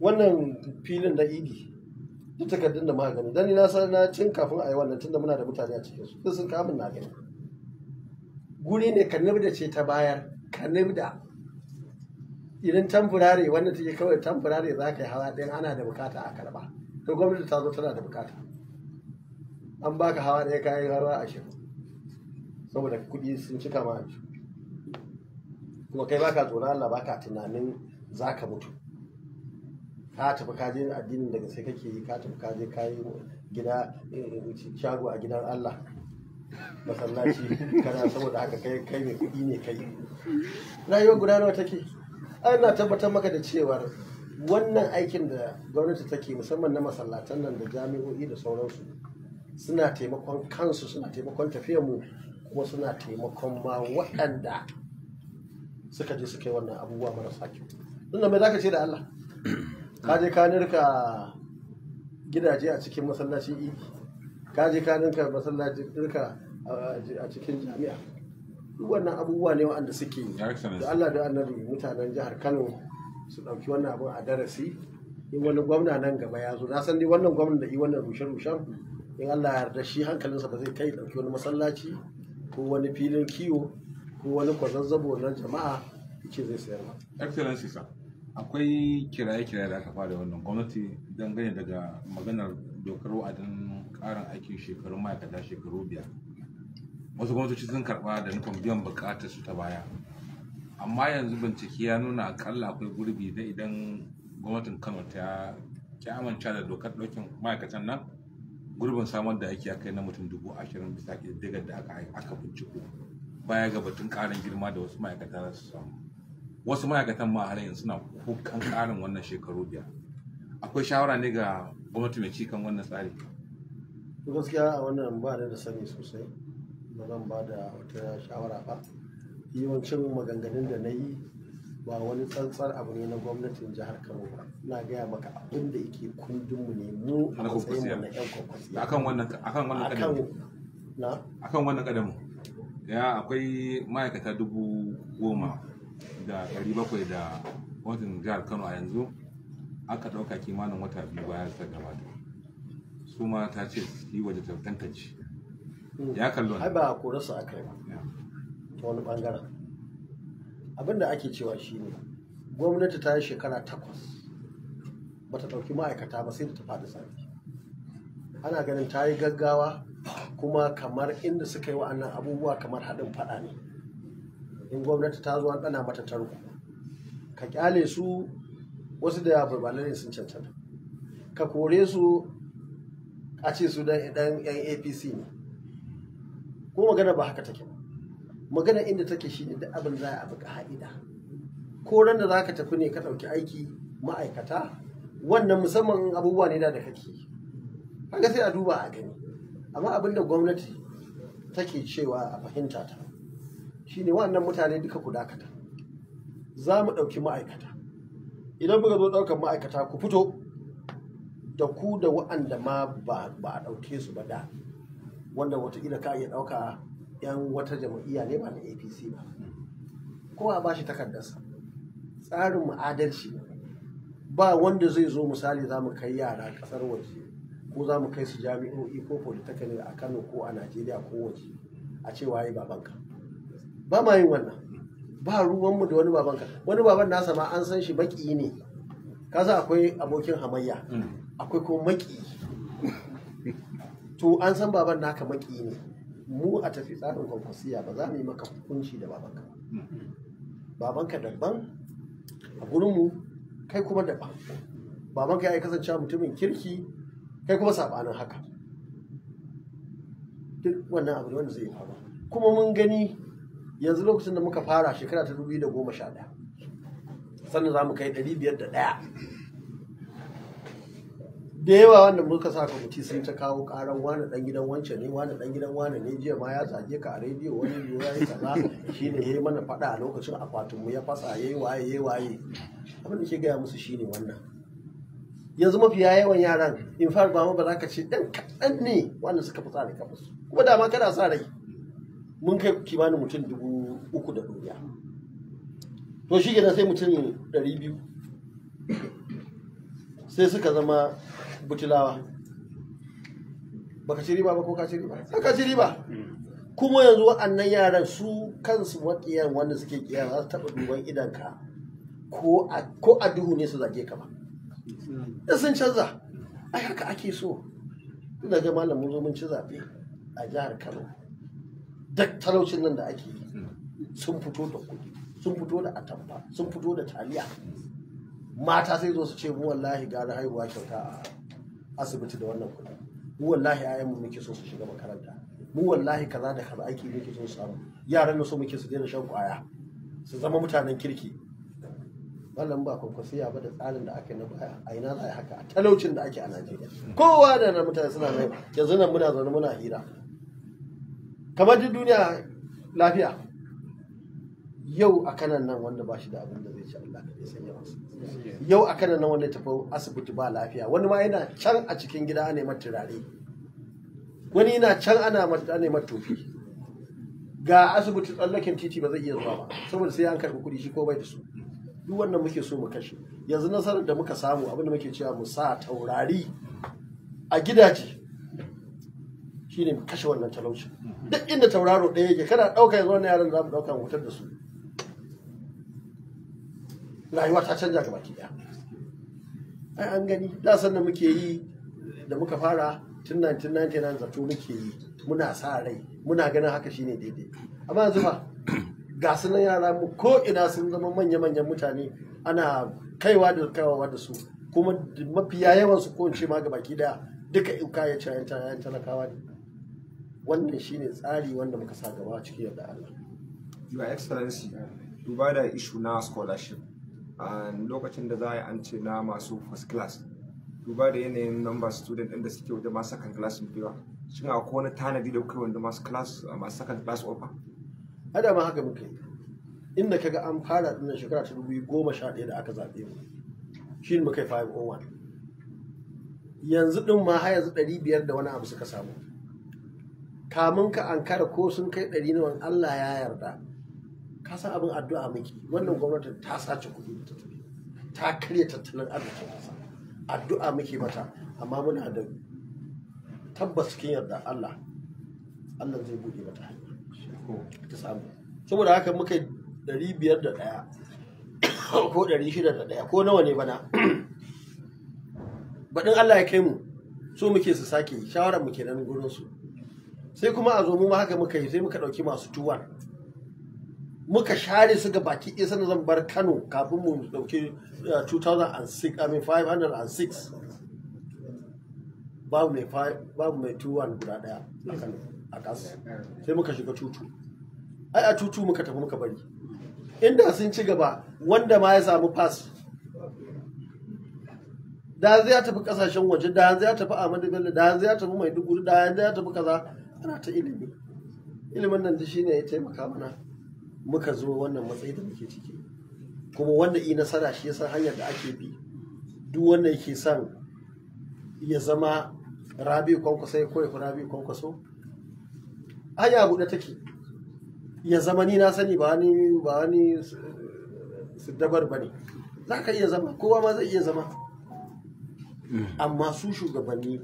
wannan filin na idi duk takardun da muka gani dan na san na cin kafin a yi wannan tunda muna da mutane a cikin su sun kawo min na gani guri ne kanibda ce ta bayar kanibda idan tamfurare wannan take kawai tamfurare za ka yi hawa ɗin ana da bukata a karba to gwamnati ta zo tana da bukata an baka hawa ɗaya kayan hawa ashirin saboda kuɗi sun cika ma kuma kai baka tsoron Allah baka tunanin za ka mutu ka tafi ka je addinin daga sai kake yi ka tafi ka je ka yi gida shago a gidan Allah masallaci kana saboda haka kai kai mai kuɗi ne kai rayuwar guda nawa take ana tabbatar maka da cewar wannan aikin da gwamnati take musamman na masallatan nan da jami'o'i da sauransu suna taimakon kansu suna taimakon mu kuma suna taimakon ma waɗanda suka je suka yi wannan abubuwa marasa kyau tunda mai zaka ce da Allah ka je ka nirka gidaje a cikin masallacin idi eh, ka je ka nirka masallaci nirka a cikin jami'a duk wannan abubuwa ne wanda suke da Allah da annabi mutanen jihar Kano su ɗauki wannan abu a darasi in wani gwamna nan gaba ya zo na san dai wannan gwamnan da yi wannan rushe-rushen in Allah ya yarda shi hankalinsa ba zai kai ɗauki wani masallaci ko wani filin kiwo ko wani kwazazzabo na jama'a ce zai sayar ba. Excellency sir, akwai kiraye-kiraye da aka fara wannan gwamnati don dangane daga maganar dokar wa'adin karin aikin shekaru ma'aikata shekaru biyar. Wasu gwamnatoci sun karɓa da nufin biyan buƙatar su ta baya. Amma yanzu bincike ya nuna akalla akwai gurbi da idan gwamnatin Kano ta ki amince da dokar ɗaukin ma'aikatan nan gurbin samar da aiki kai na mutum dubu ashirin bisa ƙididdigar da aka binciko. baya ga batun karin girma da wasu ma'aikata za su samu wasu ma'aikatan ma har yanzu suna kukan karin wannan shekaru biyar akwai shawara ne ga gwamnati mai cikan wannan tsari gaskiya a wannan ba da sani sosai ba zan ba da wata shawara ba yawancin maganganun da na yi ba wani tsantsar abu ne na gwamnatin jihar kano ba na gaya maka abin da yake kundinmu ne mu a matsayin mu na yan kwakwasiya akan wannan akan wannan kadamu akan wannan kadamu ya akwai ma'aikata dubu goma da ɗari bakwai da wajen jihar kano a yanzu aka ɗauka kimanin wata biyu bayan ta gabata su ma ta ce yi waje ta tantance ya kallon ai ba kore su aka yi ta wani ɓangaren. abin da ake cewa shi ne. gwamnati ta yi shekara takwas ba ta ɗauki ma'aikata ba sai da ta faɗi zafi ana ganin ta yi gaggawa kuma kamar inda suka yi wa'annan abubuwa kamar haɗin faɗa ne in gwamnati ta zo ɗana mata tarko ka kyale su wasu da barbalai ne sun cancanta ka kore su a ce su dan yan apc ne ko magana ba haka take magana inda take shi ne da abin za a bi ka'ida ko ran da za ka tafi ne ka ɗauki aiki ma'aikata wannan musamman abubuwa ne da kake ka sai a duba a gani amma abinda gwamnati take cewa a fahimta ta shine wannan mutane duka ku dakata za mu ɗauki ma'aikata idan muka zo ɗaukar ma'aikata ku fito da ku da wa'anda ma ba a ɗauke su ba da wanda watakila ka iya ɗauka 'yan wata jam'iyya ne ba na apc ba kowa ba shi takardarsa tsarin mu adalci ba wanda zai zo misali za mu kai yara ƙasar waje ko za mu kai su jami'o'i ko polytechnic a kano ko a najeriya ko waje a ce waye babanka ba ma yin wannan ba ruwanmu da wani babanka wani baban nasa ma an san shi baki ne kaza akwai abokin hamayya mm. akwai kuma maki to an san baban naka maki ne mu a tafi tsarin kwakwasiya ba za mu yi maka hukunci da babanka mm. babanka daban a gurinmu kai kuma daban babanka ya kasance mutumin kirki kai kuma sabanin haka duk wannan abu ne wanda zai faru kuma mun gani yanzu lokacin da muka fara shekara ta 2011 sannan za mu kai 501 da yawa wanda muka sa kwamiti sun ta kawo karan wani dan gidan wancan ne wani dan gidan wani ne jiya ma ya zage ka a rediyo wani ne ya yi kaza shi ne ya yi mana faɗa a lokacin akwatinmu ya fasa ya yi waye ya yi waye abin da ke gaya musu shi ne wannan yanzu mafiya yawan yaran in far ba ba za ka ce ɗan kaɗan ne wanda suka fi tsari kafa su kuma dama kana sa rai mun kai kimanin mutum dubu uku da duniya to shi gina sai mutum ɗari biyu sai suka zama butulawa baka ci riba ba ko ka ci riba ka ci riba kuma yanzu waɗannan yaran su kansu waɗiyan wanda suke kiyar za su taɓa duban idanka ko a duhu ne su zage ka ba da sun canza ai haka ake so ina ga malam mun zo mun ci zaɓe a jihar kano duk talaucin nan da ake yi sun fito da kudi sun fito da atamfa sun fito da taliya mata sai zo su ce mu wallahi gara haihuwa kyauta a asibiti da wannan kuɗi mu wallahi ayan mu muke so su shiga makaranta mu wallahi kaza da kaza ake muke so su samu yaran da so muke su daina shan kwaya su zama mutanen kirki wannan ba kwankwasi ya da tsarin da aka na baya a ina za a haka a talaucin da ake a najeriya kowa da na mutane suna nan yanzu nan muna zaune muna hira kamar duk duniya lafiya yau a kanan nan wanda ba shi da abin da zai ci Allah ya sanya masa yau a kanan nan wanda tafi asibiti ba lafiya wani ma yana can a cikin gida ana neman turare wani yana can ana neman tofi ga asibiti tsallaken titi ba zai iya zuwa ba saboda sai an karɓi kuɗi shi ko bai da su duk wannan muke so mu kashe yanzu nasarar da muka samu abinda muke cewa mu sa taurari a gidaje shine mu kashe wannan talauci duk inda tauraro ɗaya yake kana ɗauka yanzu wannan yaran za mu ɗauka wutar da su rayuwa ta canja ga baki ɗaya ai an gani da sannan muke yi da muka fara tun 1999 zato muke yi muna sa rai muna ganin haka shine daidai amma yanzu fa. ga su nan yara mu ko ina sun zama manya-manyan mutane ana kaiwa da kaiwa da su kuma mafiya yawan su ko ma ga baki daya duka iuka ya ce yan talakawa ne wannan shine tsari wanda muka sa gaba cikin yadda Allah your excellency duba da issue na scholarship a lokacin da za a yi an ce na masu first class duba da yanayin number student ɗin da suke wajen masu second class da yawa shin akwai wani tanadi da kai wanda masu class masu second class offer hada ma haka muka yi inda kaga an fara dinnan shekara ta goma da aka zaɓe mu shi muka yi 501 yanzu ɗin ma har yanzu ɗari biyar da wani abu suka samu kamun ka ankara ko sun kai ɗari nawa Allah ya yarda ka san abin addu'a miki wannan gwamnati ta sace kuɗi ta tafi ta karya tattalin arzikin ƙasa addu'a muke mata amma muna da tabbas cikin yarda Allah Allah zai buɗe mata hanya ta samu saboda haka muka ɗari biyar da ɗaya ko ɗari shida da ɗaya ko nawa ne bana baɗin Allah ya kai mu su muke su sake shawarar mu kenan gurin su sai kuma a zo mu ma haka muka yi sai muka ɗauki masu tuwan muka share su ga baki ɗaya sanar zan bar Kano kafin mu ɗauki 2006 uh, I mean 506 babu mai tuwan guda ɗaya a Kano a ƙasa sai muka shiga tutu ai a tutu muka tafi muka bari inda sun ci gaba wanda ma ya samu pass da zai ya tafi kasashen waje da zai ya tafi Ahmadu Bello da zai ya tafi Maiduguri da zai ya tafi kaza ana ta ilimi ilimin nan da shine ya taimaka mana muka zo wannan matsayi da muke ciki kuma wanda yi nasara shi yasa hanyar da ake bi duk wanda yake son ya zama rabi kwankwaso ya koyi rabi kwankwaso hanya buɗe take ya zama ni na sani ba wani ba siddabar ba ne za ka iya zama kowa ma zai iya zama amma su shugabanni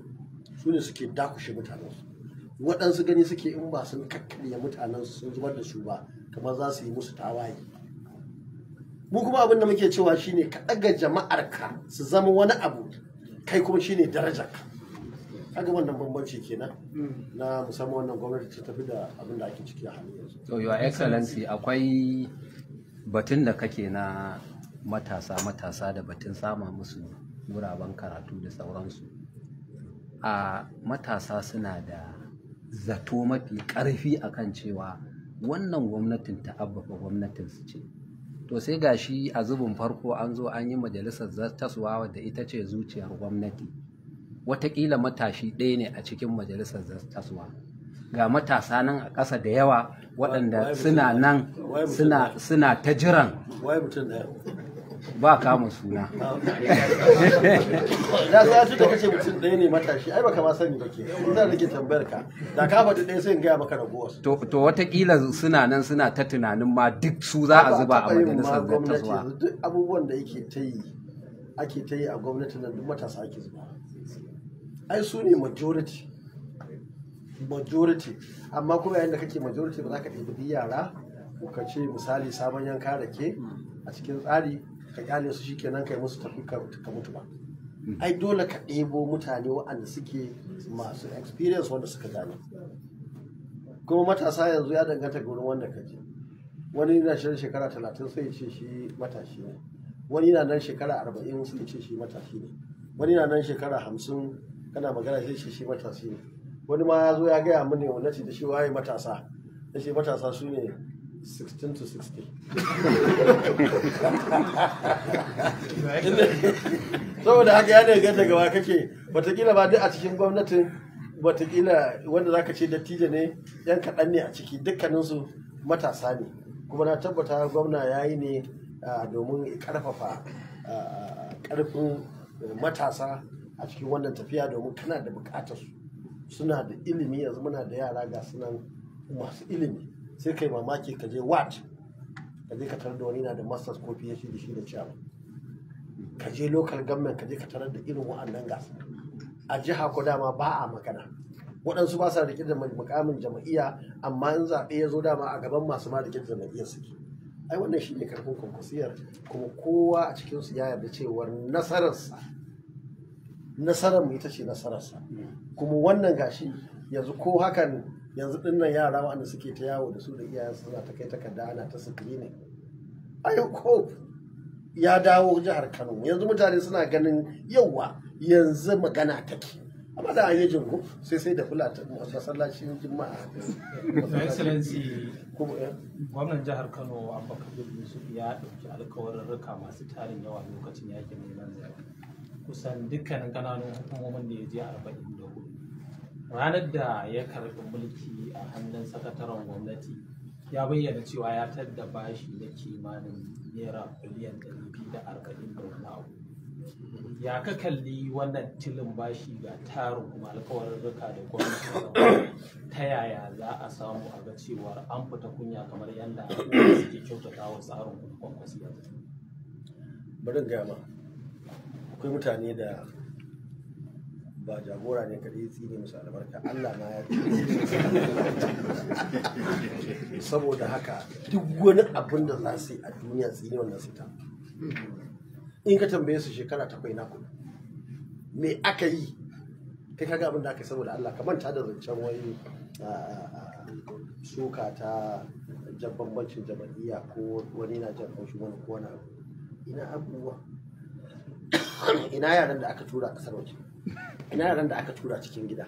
su ne suke dakushe mutanensu waɗansu gani suke in ba sun kakkarya mutanensu sun zubar da su ba kamar za su yi musu tawaye mu kuma abin da muke cewa shine ka ɗaga jama'arka su zama wani abu kai kuma shine darajarka kaga wannan bambanci kenan hmm. na musamman wannan gwamnati ta tafi da abin da ake ciki a halin yanzu to your excellency akwai batun da kake na matasa matasa da batun sama musu guraben karatu da sauransu a matasa suna da zato mafi karfi akan cewa wannan gwamnatin ta abbafa gwamnatin su ce to sai gashi a zubin farko an zo an yi majalisar zartaswa wadda ita ce zuciyar gwamnati watakila matashi ɗaya ne a cikin majalisar taswa ga matasa nan a ƙasa da yawa waɗanda suna nan suna ta jiran ba kama suna ya sai su da kace mutum ɗaya ne matashi ai baka ma sani bake ina rike tambayar ka da ka faɗi ɗaya sai in gaya maka raguwar to to watakila suna nan suna ta tunanin ma duk su za a zuba a majalisar gwamnati duk abubuwan da yake ta yi ake ta yi a gwamnati nan duk matasa ake zuba ai su ne majority majority amma kuma yayin da kake majority ba za ka ɗaiɗi yara ka ce misali sabon yanka da ke a cikin tsari ka kyale su shikenan kai musu tafi ka mutu ba ai dole ka ɗebo mutane waɗanda suke masu experience wanda suka gane kuma matasa yanzu ya danganta gurin wanda ka je wani yana shan shekara talatin sai ya ce shi matashi ne wani yana nan shekara arba'in sai ya ce shi matashi ne wani yana nan shekara hamsin kana magana sai shi shi matasi ne wani ma ya zo ya gaya mini wannan ce da shi waye matasa da shi matasa su ne 16 to 60 saboda haka ya daga daga wa kake watakila ba duk a cikin gwamnatin watakila wanda zaka ce dattijo ne yan kaɗan ne a ciki dukkaninsu matasa ne kuma na tabbata gwamna ya yi ne ah, domin ƙarfafa ah, ƙarfin matasa a cikin wannan tafiya domin kana da bukatar su suna da ilimi yanzu muna da yara ga suna masu ilimi sai kai mamaki ka je wat ka je ka tarar da wani na da masters ko phd shi da cewa?" ka je local government ka je ka tarar da irin wa'annan gasa a jiha ko dama ba a magana waɗansu ba sa rike da mukamin jama'iyya amma in zaɓe ya zo dama a gaban masu ma rike da jama'iyyar suke ai wannan shi ne karfin kuma kowa a cikinsu ya yarda cewar nasararsa nasarar mu ita ce nasararsa hmm. kuma wannan gashi yanzu ko hakan yanzu dinnan yara wa'anda suke ta yawo da su da iyayen suna ta kai takarda ana ta ne. ayo ko ya dawo jihar Kano yanzu mutane suna ganin yawa yanzu magana take amma da ayyukan jinku sai sai da kula ta masallacin juma'a excellency eh? gwamnan jihar Kano Abubakar Yusuf ya dauki alkawarin rika masu tarin yawa lokacin yakin neman zaɓe kusan dukkanin kananun hukumomin da ya je arba'in da hudu ranar da ya karɓi mulki a hannun sakataren gwamnati ya bayyana cewa ya tadda bashi na kimanin naira biliyan ɗari da arba'in da wani abu ya ka kalli wannan tilin bashi ga tarin kuma alkawarurruka da gwamnati ta yaya za a samu a ga cewar an fita kunya kamar yadda suke kyautata wa tsarin kwankwasi bari gama akwai mutane da ba jagora ne kaɗai tsine musu albarka Allah ma ya saboda haka duk wani abin da za su yi a duniya yi wannan su ta in ka tambaye su shekara takwai na ku me aka yi kai kaga abin da aka saboda Allah ka manta da zancen wani suka ta jan bambancin jama'iyya ko wani na jan haushi wani ko wani ina abubuwa ina yaran da aka tura a kasar waje ina yaran da aka tura cikin gida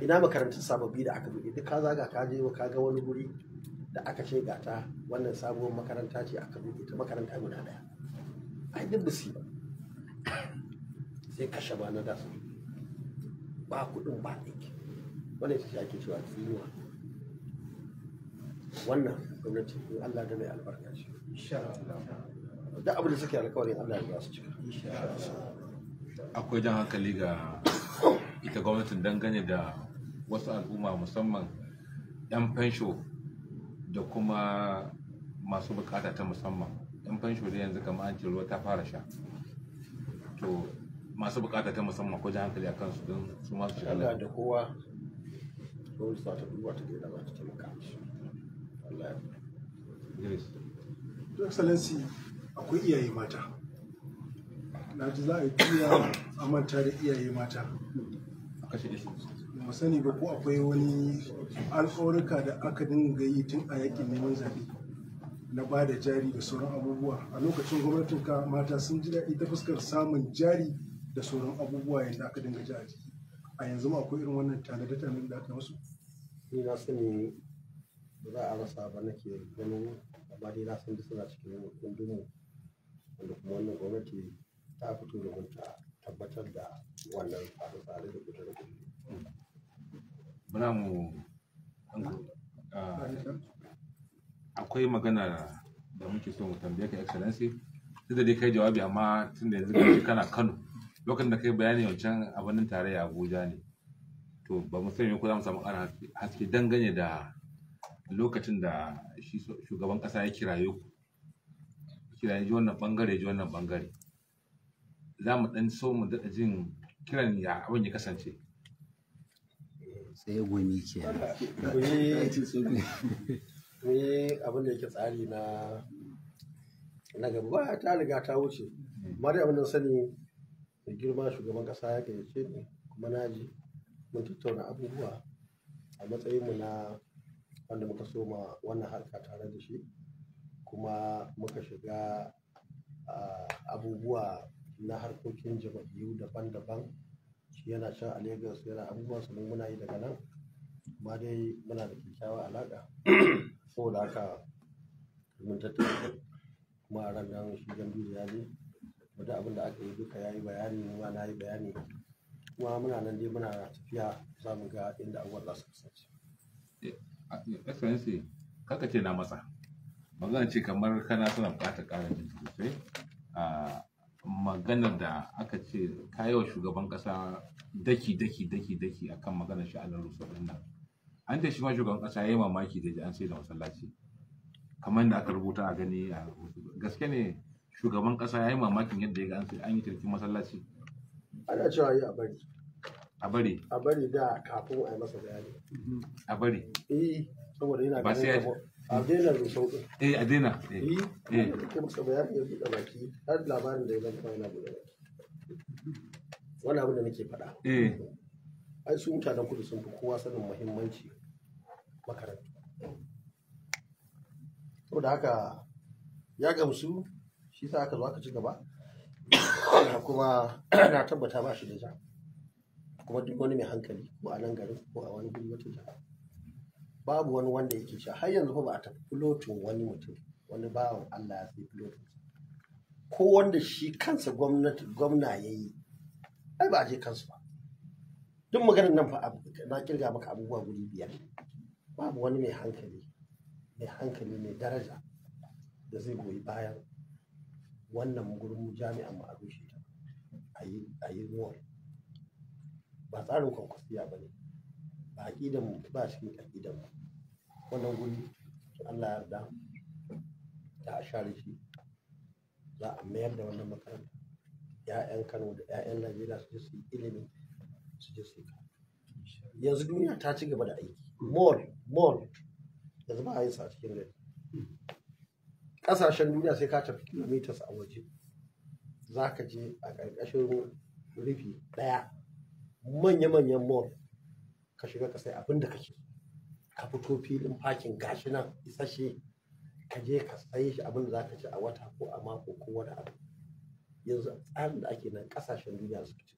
ina makarantun sababbi da aka buɗe duk ka zaga ka je ka ga wani guri da aka ce gata wannan sabuwar makaranta ce aka buɗe ta makaranta guda daya ai duk bisi sai kashe ba na da su ba kuɗin ba ɗinki wannan ce ake cewa tsiniwa wannan gwamnati in Allah da mai albarka shi da abin da suke alkawarin Allah ya su cika akwai jan hankali ga ita gwamnatin dangane da wasu al'umma musamman 'yan fensho da kuma masu bukata ta musamman 'yan fensho da yanzu kama an ruwa ta fara sha to masu bukata ta musamman ko jan hankali a kansu don su masu shiga Allah da kowa gwamnati za ta duba ta gaida za ta taimaka mishi Allah ya Your Excellency, akwai iyaye mata na ji za a yi tuya a manta da iyaye mata mu sani ba ko akwai wani alƙawarka da aka dinga yi tun a yakin neman zaɓe na ba da jari da sauran abubuwa a lokacin gwamnatin ka mata sun ji daɗi ta fuskar samun jari da sauran abubuwa yadda aka dinga ji a jiki a yanzu ma akwai irin wannan da tanade da aka musu ni na sani ba za a rasa ba nake ganin ba dai na san suna cikin kundin da kuma wannan gwamnati ta fito da ta tabbatar da wannan tsare-tsare da fitar da muna mu ah, akwai magana da muke so mu tambaye ka excellency duk da dai kai jawabi amma tun da yanzu kai kana Kano lokacin da kai bayani wancan a birnin tarayya Abuja ne to ba mu sani ko za mu samu ƙara haske dangane da lokacin da shi shugaban ƙasa ya kirayo ku kira ya ji wannan bangare ji wannan bangare za mu dan so mu daɗa jin kiran ya abin ya kasance sai ya gumi ke ne abin da yake tsari na na gaba ta riga ta wuce mara dai abin da sani da girma shugaban kasa ya gayyace ni kuma na ji mun tattauna abubuwa a matsayinmu na wanda muka soma wannan harka tare da shi kuma muka shiga abubuwa na harkokin jam'iyyu daban-daban shi yana can a Legas yana abubuwan su muna yi daga nan kuma dai muna da kyakkyawa alaƙa saboda haka mun tattauna kuma a ran nan shi gandu ya je da abin da aka yi duka ya yi bayani ma na yi bayani kuma muna nan dai muna tafiya za mu ga inda abubuwa za su kasance. Eh, eh, Excellency, kaka ce na masa. magana ce kamar kana suna bukatar ƙarin minti sosai a maganar da aka ce wa shugaban ƙasa daki daki daki daki akan maganar sha'anar rusa ɗin nan an ce shi ma shugaban ƙasa ya yi mamaki da ji an sai da masallaci kamar da aka rubuta a gani a gaske ne shugaban ƙasa ya yi mamakin yadda ya ga an sai an yi tarkin masallaci ana cewa yi a bari a bari a bari da kafin a yi masa bayani a bari eh saboda yana ba sai a daina rusau eh a daina eh eh, eh. kuma saboda ya buɗe baki har labarin da ya zama yana buɗe baki wani abin da nake faɗa eh ai su mutanen kudu sun fi kowa sanin muhimmanci makarantu saboda haka ya gamsu shi sa aka zo aka ci gaba kuma na tabbata ba shi da ja kuma duk wani mai hankali ko a nan garin ko a wani guri wata jiha babu wani wanda yake sha har yanzu ba a tafi filotin wani mutum wani bawan Allah ya sai filotin ko wanda shi kansa gwamnati gwamna ya yi ai ba a je kansu ba duk maganar nan fa na kirga maka abubuwa guri biyar babu wani mai hankali mai hankali mai daraja da zai goyi bayan wannan gurin jami'an mu shi a yi ruwan ba tsarin kwankwasiya ba ne a aƙidar mu ba cikin aƙidar mu wannan guri Allah ya yarda da a share shi za a mayar da wannan makaranta ya'yan Kano da ya'yan Najeriya su je su ilimi su je su yi yanzu duniya ta ci gaba da aiki mall mall yanzu ba a yin sa cikin rai. ƙasashen duniya sai ka tafi kilomitas a waje za ka je a ƙarƙashin rufi ɗaya manya-manyan mall ka shiga ka sai abin da ke, ka fito filin fakin gashi nan isashe ka je ka sai shi abin da za ka ci a wata ko a mako ko wani abu yanzu tsarin da ake nan kasashen duniya su ci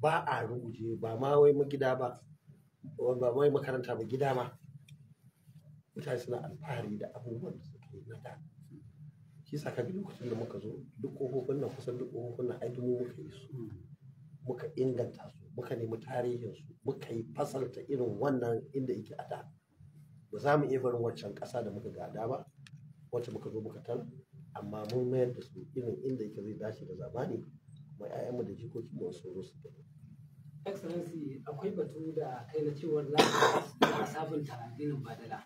ba a ruguje ba ma wai gida ba ba wai makaranta ba gida ma mutane suna alfahari da abubuwan da suka yi na da shi sa ka lokacin da muka zo duk kofofin nan kusan duk kofofin nan ai muka yi su hmm. muka inganta su muka nemi tarihinsu muka yi fasalta irin wannan inda yake a da ba za mu iya barin waccan ƙasa da muka gada ba wacce muka zo muka tan amma mun mayar da su irin inda yake zai dace da zamani kuma 'ya'yanmu da jikokin mu su zo su excellency akwai batu da kai na cewar za a sabunta addinin badala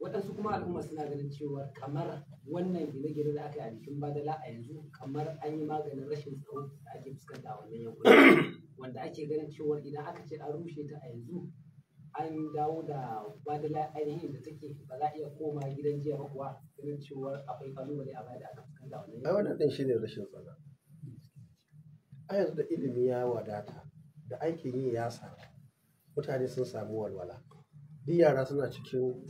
waɗansu kuma al'umma suna ganin cewa kamar wannan gine-gine da aka yi a jikin badala a yanzu kamar an yi maganin rashin tsaro da ake fuskanta a wannan yankunan wanda ake ganin cewa idan aka ce an rushe ta a yanzu an dawo da badala ainihin da take ba za a iya koma gidan jiya ba kuwa ganin cewa akwai kalubale a baya da aka fuskanta wannan ai din shine rashin tsana a yanzu da ilimi ya wadata da aikin yi ya samu mutane sun samu walwala duk yara suna cikin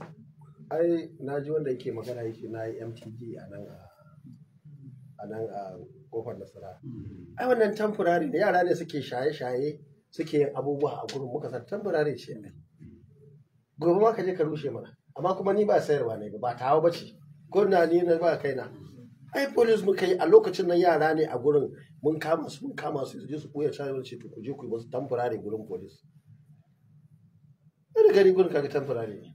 ai na ji wanda yake magana yake na yi MTG a nan a nan a kofar nasara mm. ai wannan tamfurari da yara ne suke shaye-shaye suke yin abubuwa a gurin muka san tamfurari ce ne mm. gobe ma ka je ka rushe mana amma kuma ni ba sayarwa ne ba tawa ba ce gwamna ni na ba kaina ai police muka yi a lokacin nan yara ne a gurin mun kama su mun kama su su je su koya cewa ce to ku je ku yi wasu tamfurari gurin police ina gari gurin kaga tamfurari ne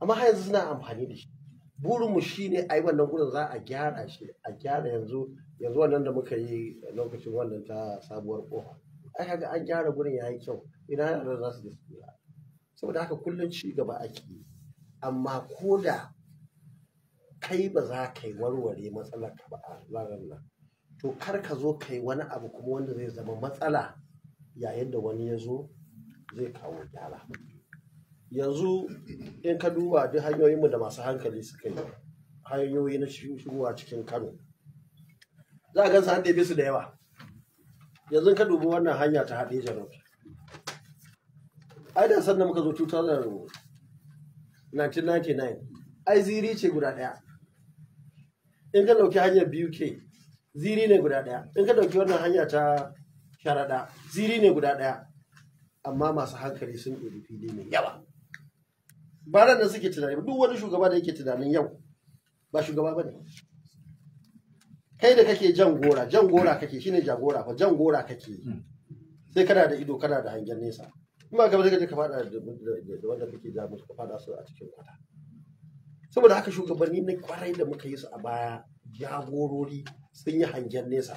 amma har yanzu suna amfani da shi burinmu shi ne a yi wannan gurin za a gyara shi a gyara yanzu yanzu wannan da muka yi lokacin wannan ta sabuwar kofa ai kaga an gyara gurin ya yi kyau ina ne za su je su saboda haka kullum ci gaba ake yi amma koda kai ba za ka yi warware matsalar ka ba a ranar nan to kar ka zo ka yi wani abu kuma wanda zai zama matsala yayin da wani ya zo zai kawo gyara yanzu in ka duba duk hanyoyinmu da masu hankali suka yi hanyoyi na shigowa cikin kano za a gansa haɗe bisu su da yawa yanzu ka dubi wannan hanya ta haɗe janar ai da sannan muka zo 1999 ai ziri ce guda ɗaya in ka ɗauki hanyar ke ziri ne guda ɗaya in ka ɗauki wannan hanya ta sharaɗa ziri ne guda ɗaya amma masu hankali sun ɗori fili mai yawa ba ran da suke tunani duk wani shugaba da yake tunanin yau ba shugaba bane kai da kake jan gora jan gora kake shine jagora fa jan gora kake hmm. sai kana da ido kana da hangen nesa in ba gaba da ka fada da wanda kake ja musu ka fada su a cikin kwata saboda haka shugabanni na kwarai da muka yi su a baya jagorori sun yi hangen nesa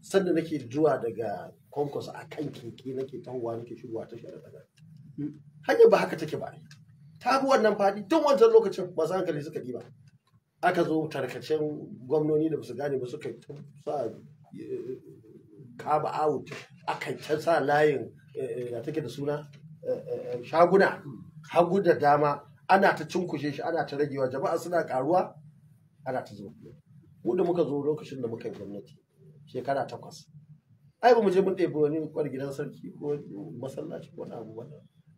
sanda nake zuwa daga konkos a kan keke nake tahowa nake shigowa ta shi a hanyar ba haka take ba ta wannan faɗi tun wancan lokacin masu hankali suka ba. aka zo tarkacen gwamnoni da basu gane ba suka sa kaba eh, out aka can sa layin eh, ya take da suna eh, shaguna hagu da dama ana ta cinkushe shi ana ta ragewa jama'a suna karuwa ana ta zo mu da muka zo lokacin da muka yi gwamnati shekara takwas ai ba mu je mun ɗebi wani kwar gidan sarki ko masallaci ko wani abu ba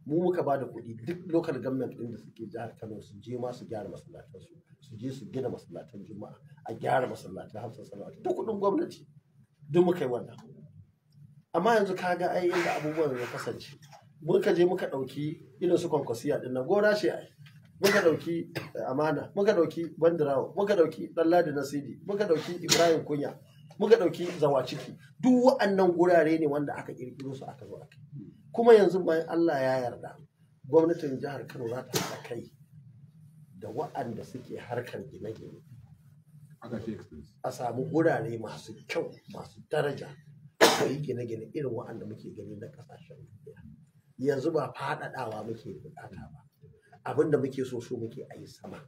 mu muka ba da kuɗi duk local government ɗin da suke jihar Kano su je ma su gyara masallatan su su je su gina masallatan Juma'a a gyara masallatan Hafsa Salawatu duk kuɗin gwamnati duk muka yi wannan amma yanzu ka ga ai inda abubuwan ya kasance muka je muka ɗauki irin su kwankwasiya ɗin nan gora ce ai muka ɗauki eh, amana muka ɗauki bandirawa muka ɗauki ɗanladi nasidi muka ɗauki ibrahim kunya muka ɗauki ciki duk wa'annan gurare ne wanda aka ƙirƙiro su aka zo aka kuma yanzu bayan Allah ya yarda gwamnatin jihar Kano za ta haɗa kai da wa'anda suke harkar gine-gine a samu gurare masu kyau masu daraja da yi gine-gine irin wa'anda muke gani na ƙasashen duniya yanzu ba faɗaɗawa muke buƙata ba abin da muke so so muke a yi sama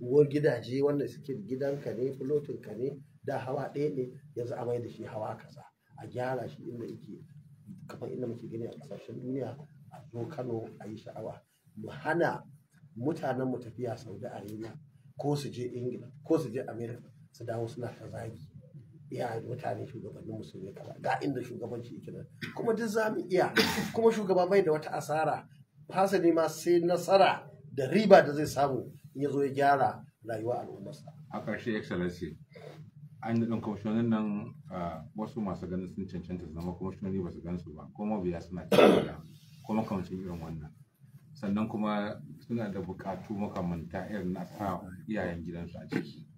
uwar gidaje wanda suke gidanka ne fulotinka ne da hawa ɗaya ne yanzu a mai da shi hawa kasa a gyara shi inda yake kamar inda muke gani a kasashen duniya a zo Kano a yi sha'awa mu hana mutanen mu tafiya Saudi Arabia ko su je Ingila ko su je America su dawo suna ta zagi iya mutane shugabannin musulmi kaza ga inda shugabanci yake nan kuma duk za mu iya kuma shugaba bai da wata asara fasali ma sai nasara da riba da zai samu in ya zo ya gyara rayuwar al'ummarsa a ƙarshe excellency an da kwamishonin nan wasu masu ganin sun cancanta zama kuma kwamishinoni ba su gan su ba kuma biya suna cancanta kuma kamcin irin wannan sannan kuma suna da bukatu makamanta irin na sa iyayen gidansu a ciki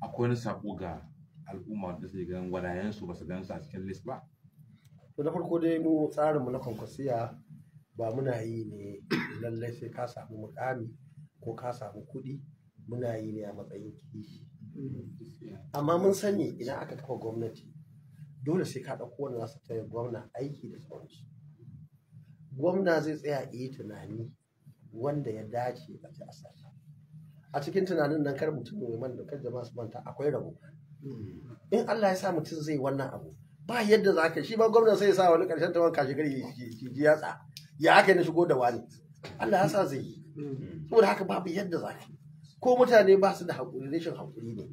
akwai wani sako ga al'umma da su gan wadayensu ba su gan su a cikin list ba to na farko dai mu tsarin mu na kwankwasiya ba muna yi ne lallai sai ka samu mukami ko ka samu kuɗi muna yi ne a matsayin kishi amma mun sani idan aka kafa gwamnati dole sai ka ɗauko wanda za su taya gwamna aiki da sauransu gwamna zai tsaya yi tunani wanda ya dace a ta asasa a cikin tunanin nan kar mutum mai manta kar jama'a su manta akwai rabo in Allah ya sa mutum zai wannan abu ba yadda za ka shi ba gwamna sai ya sa wani karshen tawon kashi gari ya yatsa ya aka yi na shigo da wani Allah ya sa zai yi mm. saboda haka babu yadda za ka yi ko mutane ba su da haƙuri rashin haƙuri ne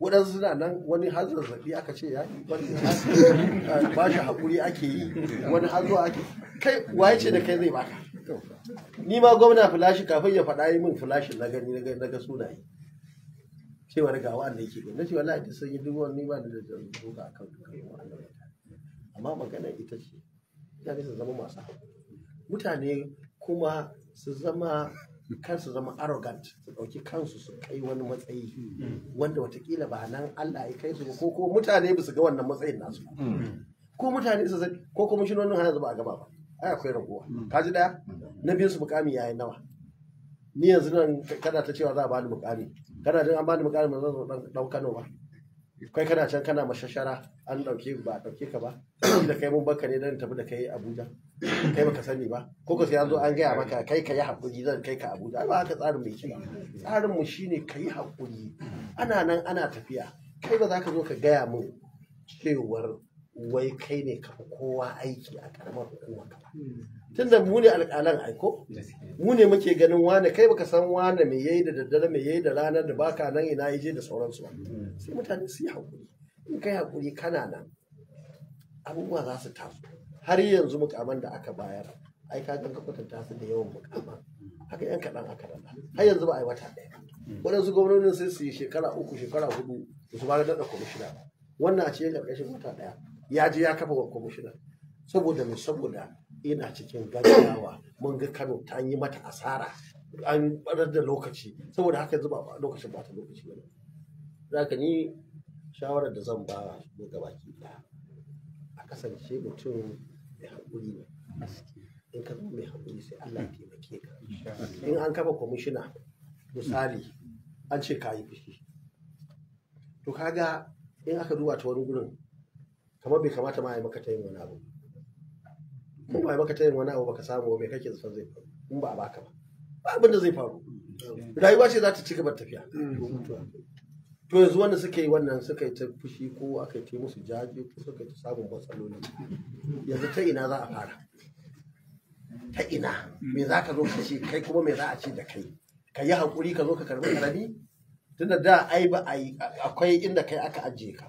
waɗansu suna nan wani har zaɓi aka ce ya yi eh, ba shi haƙuri ake yi wani har ake kai waye ce da kai zai baka ni ma gwamna filashi kafin ya faɗa yi min filashin na gani na ga sunaye cewar ga wanda yake na ce wallahi ta sanyi duk wani ba da da duka akan wa'annan amma magana ita ce mutane su zama masu haƙuri mutane kuma su zama kansu zama arrogant su ɗauki kansu su kai wani matsayi wanda watakila ba nan Allah ya kai su ba ko ko mutane ba su ga wannan matsayin nasu mm. ko mutane su zai ko kuma shi wannan hana zuba a gaba ba ai akwai raguwa mm. ka ji daya na biyu su mukami yayin nawa ni yanzu nan kada ta cewa za a bani mukami kada jin an bani mukami ba zan zo dan Kano ba kai kana can kana mashashara an dauke ba a dauke ka ba da kai mun baka ne dan tafi da kai Abuja kai baka sani ba ko ka sai an zo an gaya maka kai ka yi hakuri zan kai ka Abuja ba haka tsarin mai kiba tsarin mu shine ka hakuri ana nan ana tafiya kai ba za ka zo ka gaya mun cewar wai kai ne ka kowa aiki a karamar hukumar ka tunda mu ne alƙalan aiko mu ne muke ganin wane kai baka san wane mai yayi da daddare mai yayi da ranar da baka nan ina yaje da sauransu sai mutane su yi hakuri in kai hakuri kana nan abubuwa za su taso har yanzu mukaman da aka bayar ai ka ganka kwatanta su da yawan mukama haka yan kaɗan aka rana har yanzu ba a yi wata ɗaya waɗansu gwamnonin sai su yi shekara uku shekara hudu da su ba da kwamishina wannan a ce ya ƙarƙashin wata ɗaya ya je ya kafa kwamishina saboda mai saboda ina cikin gaggawa mun ga Kano ta yi mata asara an barar da lokaci saboda haka yanzu ba lokacin ba ta lokaci bane zaka ni shawarar da zan ba mu gabaki ɗaya a kasance mutum mai haƙuri ne in ka zama mai haƙuri sai Allah ya taimake ka in an kafa kwamishina misali an ce ka fushi to kaga in aka duba ta wani gurin kamar bai kamata ma ya maka ta yin wani abu Kuma ba baka tayin wani abu baka samu me kake zaton zai faru in ba a baka ba ba abin da zai faru rayuwa ce za ta ci gaba tafiya to yanzu wanda suka yi wannan suka yi ta fushi ko aka yi musu jaje ko suka yi samun matsaloli yanzu ta ina za a fara ta ina me za ka zo ka ce kai kuma me za a ce da kai ka yi hakuri ka zo ka karbi karami tunda da ai ba akwai inda kai aka ajiye ka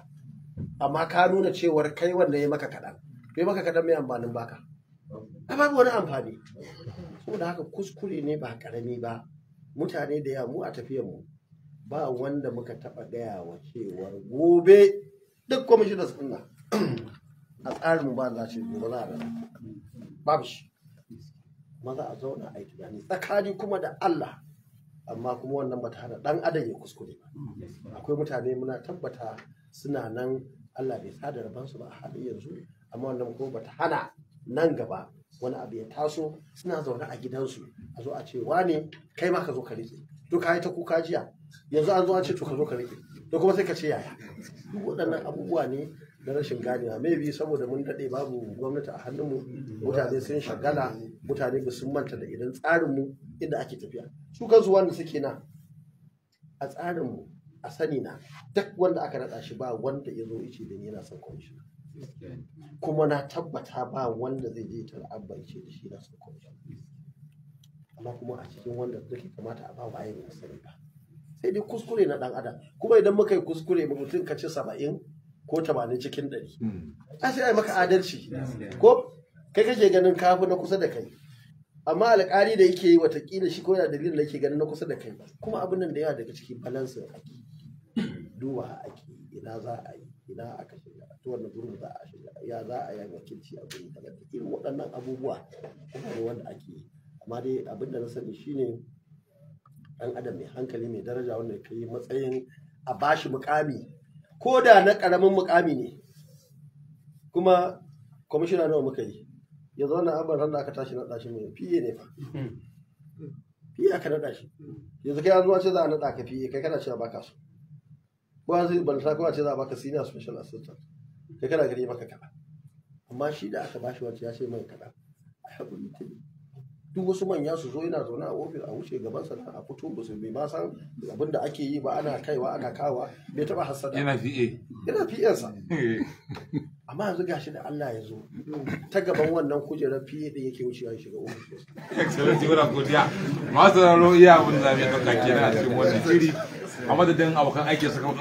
amma ka nuna cewar kai wanda ya maka kaɗan bai maka kaɗan mai amfanin baka a babu wani amfani saboda haka kuskure ne ba karami ba mutane da yamu mu a tafiyar mu ba wanda muka taba gaya wa cewar gobe duk kwamishinan sunna a tsarin ba za shi gobe za a babu shi maza a zauna a yi tunani tsakani kuma da Allah amma kuma wannan ba tare dan adam ya kuskure akwai mutane muna tabbata suna nan Allah bai sada rabansu ba a halin yanzu amma wannan kuma bata hana nan gaba wani abu ya taso suna zaune a gidansu a zo a ce wane kai ma ka zo ka rike to ka yi ta kuka jiya yanzu an zo an ce to ka zo ka rike da kuma sai ka ce yaya duk waɗannan abubuwa ne na rashin ganewa maybe saboda mun daɗe babu gwamnati a hannunmu mutane sun shagala mutane ba sun manta da idan tsarinmu inda ake tafiya su kansu wanda suke na a tsarinmu a sani na duk wanda aka naɗa shi ba wanda ya zo ice da ni yana son kwamishina kuma na tabbata ba wanda zai je tar'abbance da shi na su amma kuma a cikin wanda ke kamata a ba wa ayin asali ba sai dai kuskure na dan adam kuma idan muka yi kuskure mu mutum ka ci saba'in ko tamanin cikin ɗari hmm. a sai ai maka adalci ko kai kake ganin kafu na kusa da kai amma alƙali da yake yi watakila shi ko yana dalilin da yake ganin na kusa da kai kuma abin nan da yawa daga cikin balansin ake duba ake ina za a yi ina aka shiga ta wanda gurin za a shiga ya za a yi wakilci a gurin daga irin waɗannan abubuwa kuma wanda ake yi amma dai abin da na sani shine ɗan adam mai hankali mai daraja wanda ya yi matsayin a bashi mukami ko da na ƙaramin mukami ne kuma kwamishina nawa muka yi ya na abin ranar aka tashi na ɗashi mai fiye ne fa fiye hmm. aka naɗa shi yanzu kai an zuwa ce za a naɗa ka fiye kai kana cewa baka so ba zai balta kowa ce za a baka senior special assistant kai kana maka kaza amma shi da aka bashi wacce ya ce mai kada duk wasu manya su zo yana zaune a ofis a wuce gaban sa a fito ba su ba san abin da ake yi ba ana kaiwa ana kawa bai taba hasada yana fi'e yana fiye sa amma yanzu gashi da Allah ya zo ta gaban wannan kujerar fiye da yake wucewa ya shiga ofis excellency muna godiya masu raro iya abin zabi zai dauka kenan a cikin wannan shiri a madadin abokan aiki suka